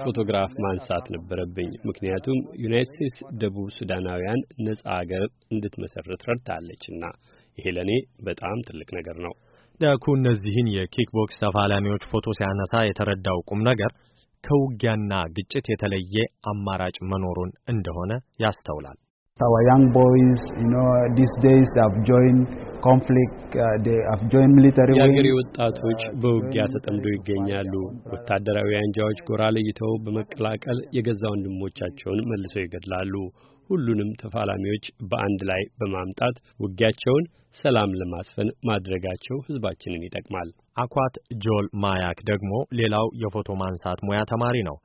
Speaker 10: ፎቶግራፍ ማንሳት ነበረብኝ ምክንያቱም ዩናይት ስቴትስ ደቡብ ሱዳናውያን ነጻ አገር እንድትመሰረት ረድታለችና፣ ይሄ ለእኔ በጣም
Speaker 12: ትልቅ ነገር ነው። ዳኩ እነዚህን የኪክቦክስ ቦክስ ተፋላሚዎች ፎቶ ሲያነሳ የተረዳው ቁም ነገር ከውጊያና ግጭት የተለየ አማራጭ መኖሩን እንደሆነ ያስተውላል።
Speaker 3: Our young boys, you know, these days have joined uh, የአገሬ
Speaker 10: ወጣቶች uh, በውጊያ ተጠምደው ይገኛሉ። ወታደራዊ አንጃዎች ጎራ ለይተው በመቀላቀል የገዛ ወንድሞቻቸውን መልሰው ይገድላሉ። ሁሉንም ተፋላሚዎች በአንድ ላይ በማምጣት ውጊያቸውን ሰላም ለማስፈን
Speaker 12: ማድረጋቸው ህዝባችንን ይጠቅማል። አኳት ጆል ማያክ ደግሞ ሌላው የፎቶ ማንሳት ሙያ ተማሪ ነው።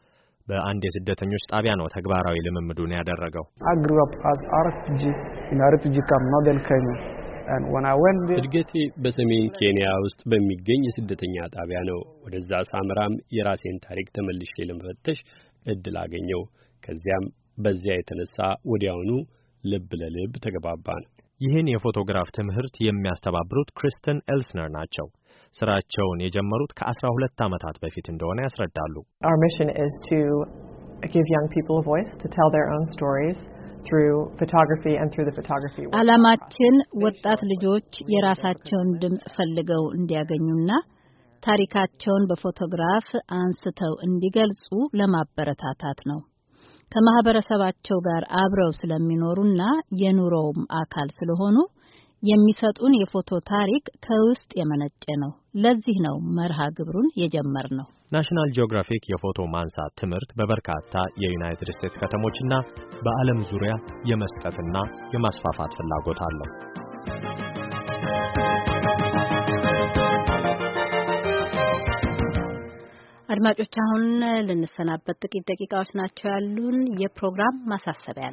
Speaker 12: በአንድ የስደተኞች ጣቢያ ነው ተግባራዊ ልምምዱን ያደረገው።
Speaker 4: እድገቴ
Speaker 10: በሰሜን ኬንያ ውስጥ በሚገኝ የስደተኛ ጣቢያ ነው። ወደዛ ሳምራም የራሴን ታሪክ ተመልሼ ለመፈተሽ እድል አገኘው። ከዚያም በዚያ የተነሳ
Speaker 12: ወዲያውኑ ልብ ለልብ ተገባባን። ይህን የፎቶግራፍ ትምህርት የሚያስተባብሩት ክሪስተን ኤልስነር ናቸው። ስራቸውን የጀመሩት ከ ሁለት ዓመታት በፊት እንደሆነ ያስረዳሉ።
Speaker 1: ዓላማችን ወጣት ልጆች የራሳቸውን ድምፅ ፈልገው እንዲያገኙና ታሪካቸውን በፎቶግራፍ አንስተው እንዲገልጹ ለማበረታታት ነው። ከማህበረሰባቸው ጋር አብረው ስለሚኖሩና የኑሮውም አካል ስለሆኑ የሚሰጡን የፎቶ ታሪክ ከውስጥ የመነጨ ነው። ለዚህ ነው መርሃ ግብሩን የጀመር ነው።
Speaker 12: ናሽናል ጂኦግራፊክ የፎቶ ማንሳት ትምህርት በበርካታ የዩናይትድ ስቴትስ ከተሞችና በዓለም ዙሪያ የመስጠትና የማስፋፋት ፍላጎት አለው።
Speaker 9: አድማጮች
Speaker 1: አሁን ልንሰናበት ጥቂት ደቂቃዎች ናቸው ያሉን። የፕሮግራም ማሳሰቢያ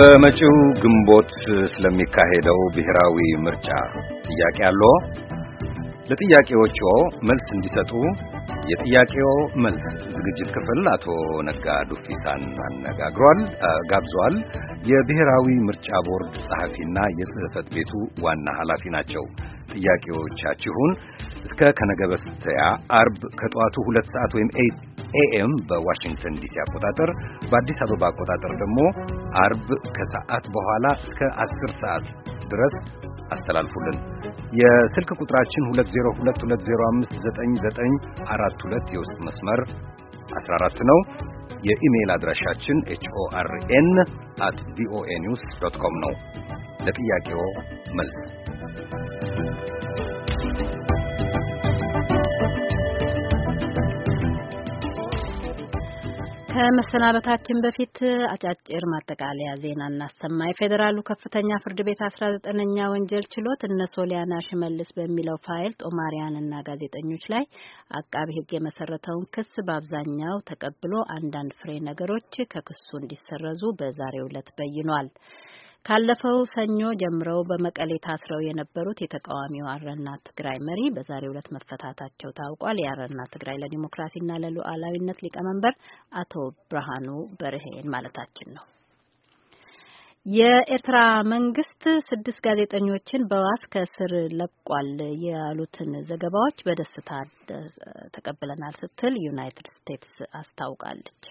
Speaker 2: በመጪው ግንቦት ስለሚካሄደው ብሔራዊ ምርጫ ጥያቄ አለ። ለጥያቄዎቹ መልስ እንዲሰጡ የጥያቄው መልስ ዝግጅት ክፍል አቶ ነጋ ዱፊሳን አነጋግሯል፣ ጋብዟል። የብሔራዊ ምርጫ ቦርድ ጸሐፊና የጽህፈት ቤቱ ዋና ኃላፊ ናቸው። ጥያቄዎቻችሁን እስከ ከነገ አርብ ከጠዋቱ ሁለት ሰዓት ወይም ኤኤም በዋሽንግተን ዲሲ አቆጣጠር፣ በአዲስ አበባ አቆጣጠር ደግሞ አርብ ከሰዓት በኋላ እስከ አስር ሰዓት ድረስ አስተላልፉልን። የስልክ ቁጥራችን 2022059942 የውስጥ መስመር 14 ነው። የኢሜይል አድራሻችን ኤችኦአርኤን አት ቪኦኤ ኒውስ ዶት ኮም ነው። ለጥያቄው መልስ
Speaker 1: ከመሰናበታችን በፊት አጫጭር ማጠቃለያ ዜና እናሰማ። የፌዴራሉ ከፍተኛ ፍርድ ቤት አስራ ዘጠነኛ ወንጀል ችሎት እነ ሶሊያና ሽመልስ በሚለው ፋይል ጦማሪያንና ጋዜጠኞች ላይ አቃቢ ሕግ የመሰረተውን ክስ በአብዛኛው ተቀብሎ አንዳንድ ፍሬ ነገሮች ከክሱ እንዲሰረዙ በዛሬው ዕለት በይኗል። ካለፈው ሰኞ ጀምረው በመቀሌ ታስረው የነበሩት የተቃዋሚው አረና ትግራይ መሪ በዛሬው ዕለት መፈታታቸው ታውቋል። የአረና ትግራይ ለዲሞክራሲና ለሉዓላዊነት ሊቀመንበር አቶ ብርሃኑ በርሄን ማለታችን ነው። የኤርትራ መንግስት ስድስት ጋዜጠኞችን በዋስ ከእስር ለቋል ያሉትን ዘገባዎች በደስታ ተቀብለናል ስትል ዩናይትድ ስቴትስ አስታውቃለች።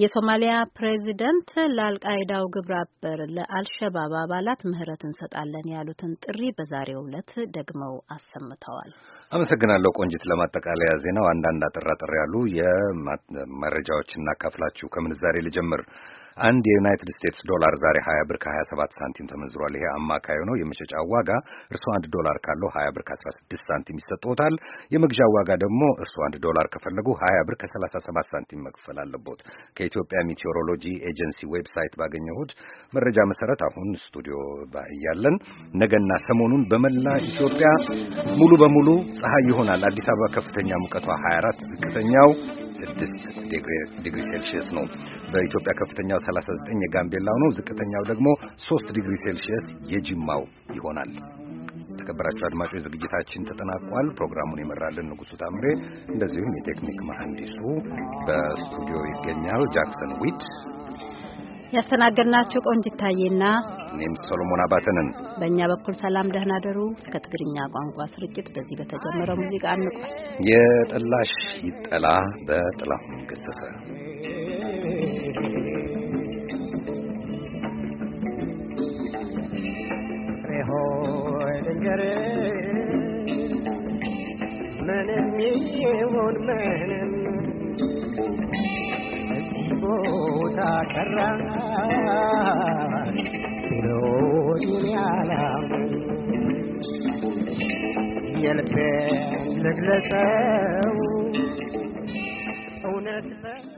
Speaker 1: የሶማሊያ ፕሬዚደንት ለአልቃይዳው ግብረ አበር ለአልሸባብ አባላት ምህረት እንሰጣለን ያሉትን ጥሪ በዛሬው ዕለት ደግመው አሰምተዋል።
Speaker 2: አመሰግናለሁ ቆንጂት። ለማጠቃለያ ዜናው አንዳንድ አጠራጠር ያሉ የመረጃዎች እናካፍላችሁ። ከምንዛሬ ልጀምር። አንድ የዩናይትድ ስቴትስ ዶላር ዛሬ 20 ብር ከ27 ሳንቲም ተመንዝሯል። ይሄ አማካዩ ነው። የመሸጫ ዋጋ እርሶ 1 ዶላር ካለው 20 ብር ከ16 ሳንቲም ይሰጥዎታል። የመግዣ ዋጋ ደግሞ እርሶ 1 ዶላር ከፈለጉ 20 ብር ከ37 ሳንቲም መክፈል አለበት ከኢትዮጵያ ሜቴዎሮሎጂ ኤጀንሲ ዌብሳይት ባገኘሁት መረጃ መሰረት አሁን ስቱዲዮ እያለን ነገና ሰሞኑን በመላ ኢትዮጵያ ሙሉ በሙሉ ፀሐይ ይሆናል። አዲስ አበባ ከፍተኛ ሙቀቷ 24፣ ዝቅተኛው ስድስት ዲግሪ ሴልሺየስ ነው። በኢትዮጵያ ከፍተኛው 39 የጋምቤላው ነው። ዝቅተኛው ደግሞ 3 ዲግሪ ሴልሺየስ የጅማው ይሆናል። የተከበራችሁ አድማጮች ዝግጅታችን ተጠናቋል። ፕሮግራሙን የመራልን ንጉሱ ታምሬ፣ እንደዚሁም የቴክኒክ መሐንዲሱ በስቱዲዮ ይገኛል ጃክሰን ዊድ
Speaker 1: ያስተናገድናችሁ ቆንጅ ታዬና
Speaker 2: እኔም ሰሎሞን አባተንን።
Speaker 1: በእኛ በኩል ሰላም፣ ደህና ደሩ። እስከ ትግርኛ ቋንቋ ስርጭት በዚህ በተጀመረው ሙዚቃ አንቋል።
Speaker 2: የጠላሽ ይጠላ በጥላሁን ገሰሰ
Speaker 11: ምንም ይሁን ምንም ታከራ ሲሎኝ ያላም የልቤን
Speaker 5: ልግለጸው
Speaker 11: እውነት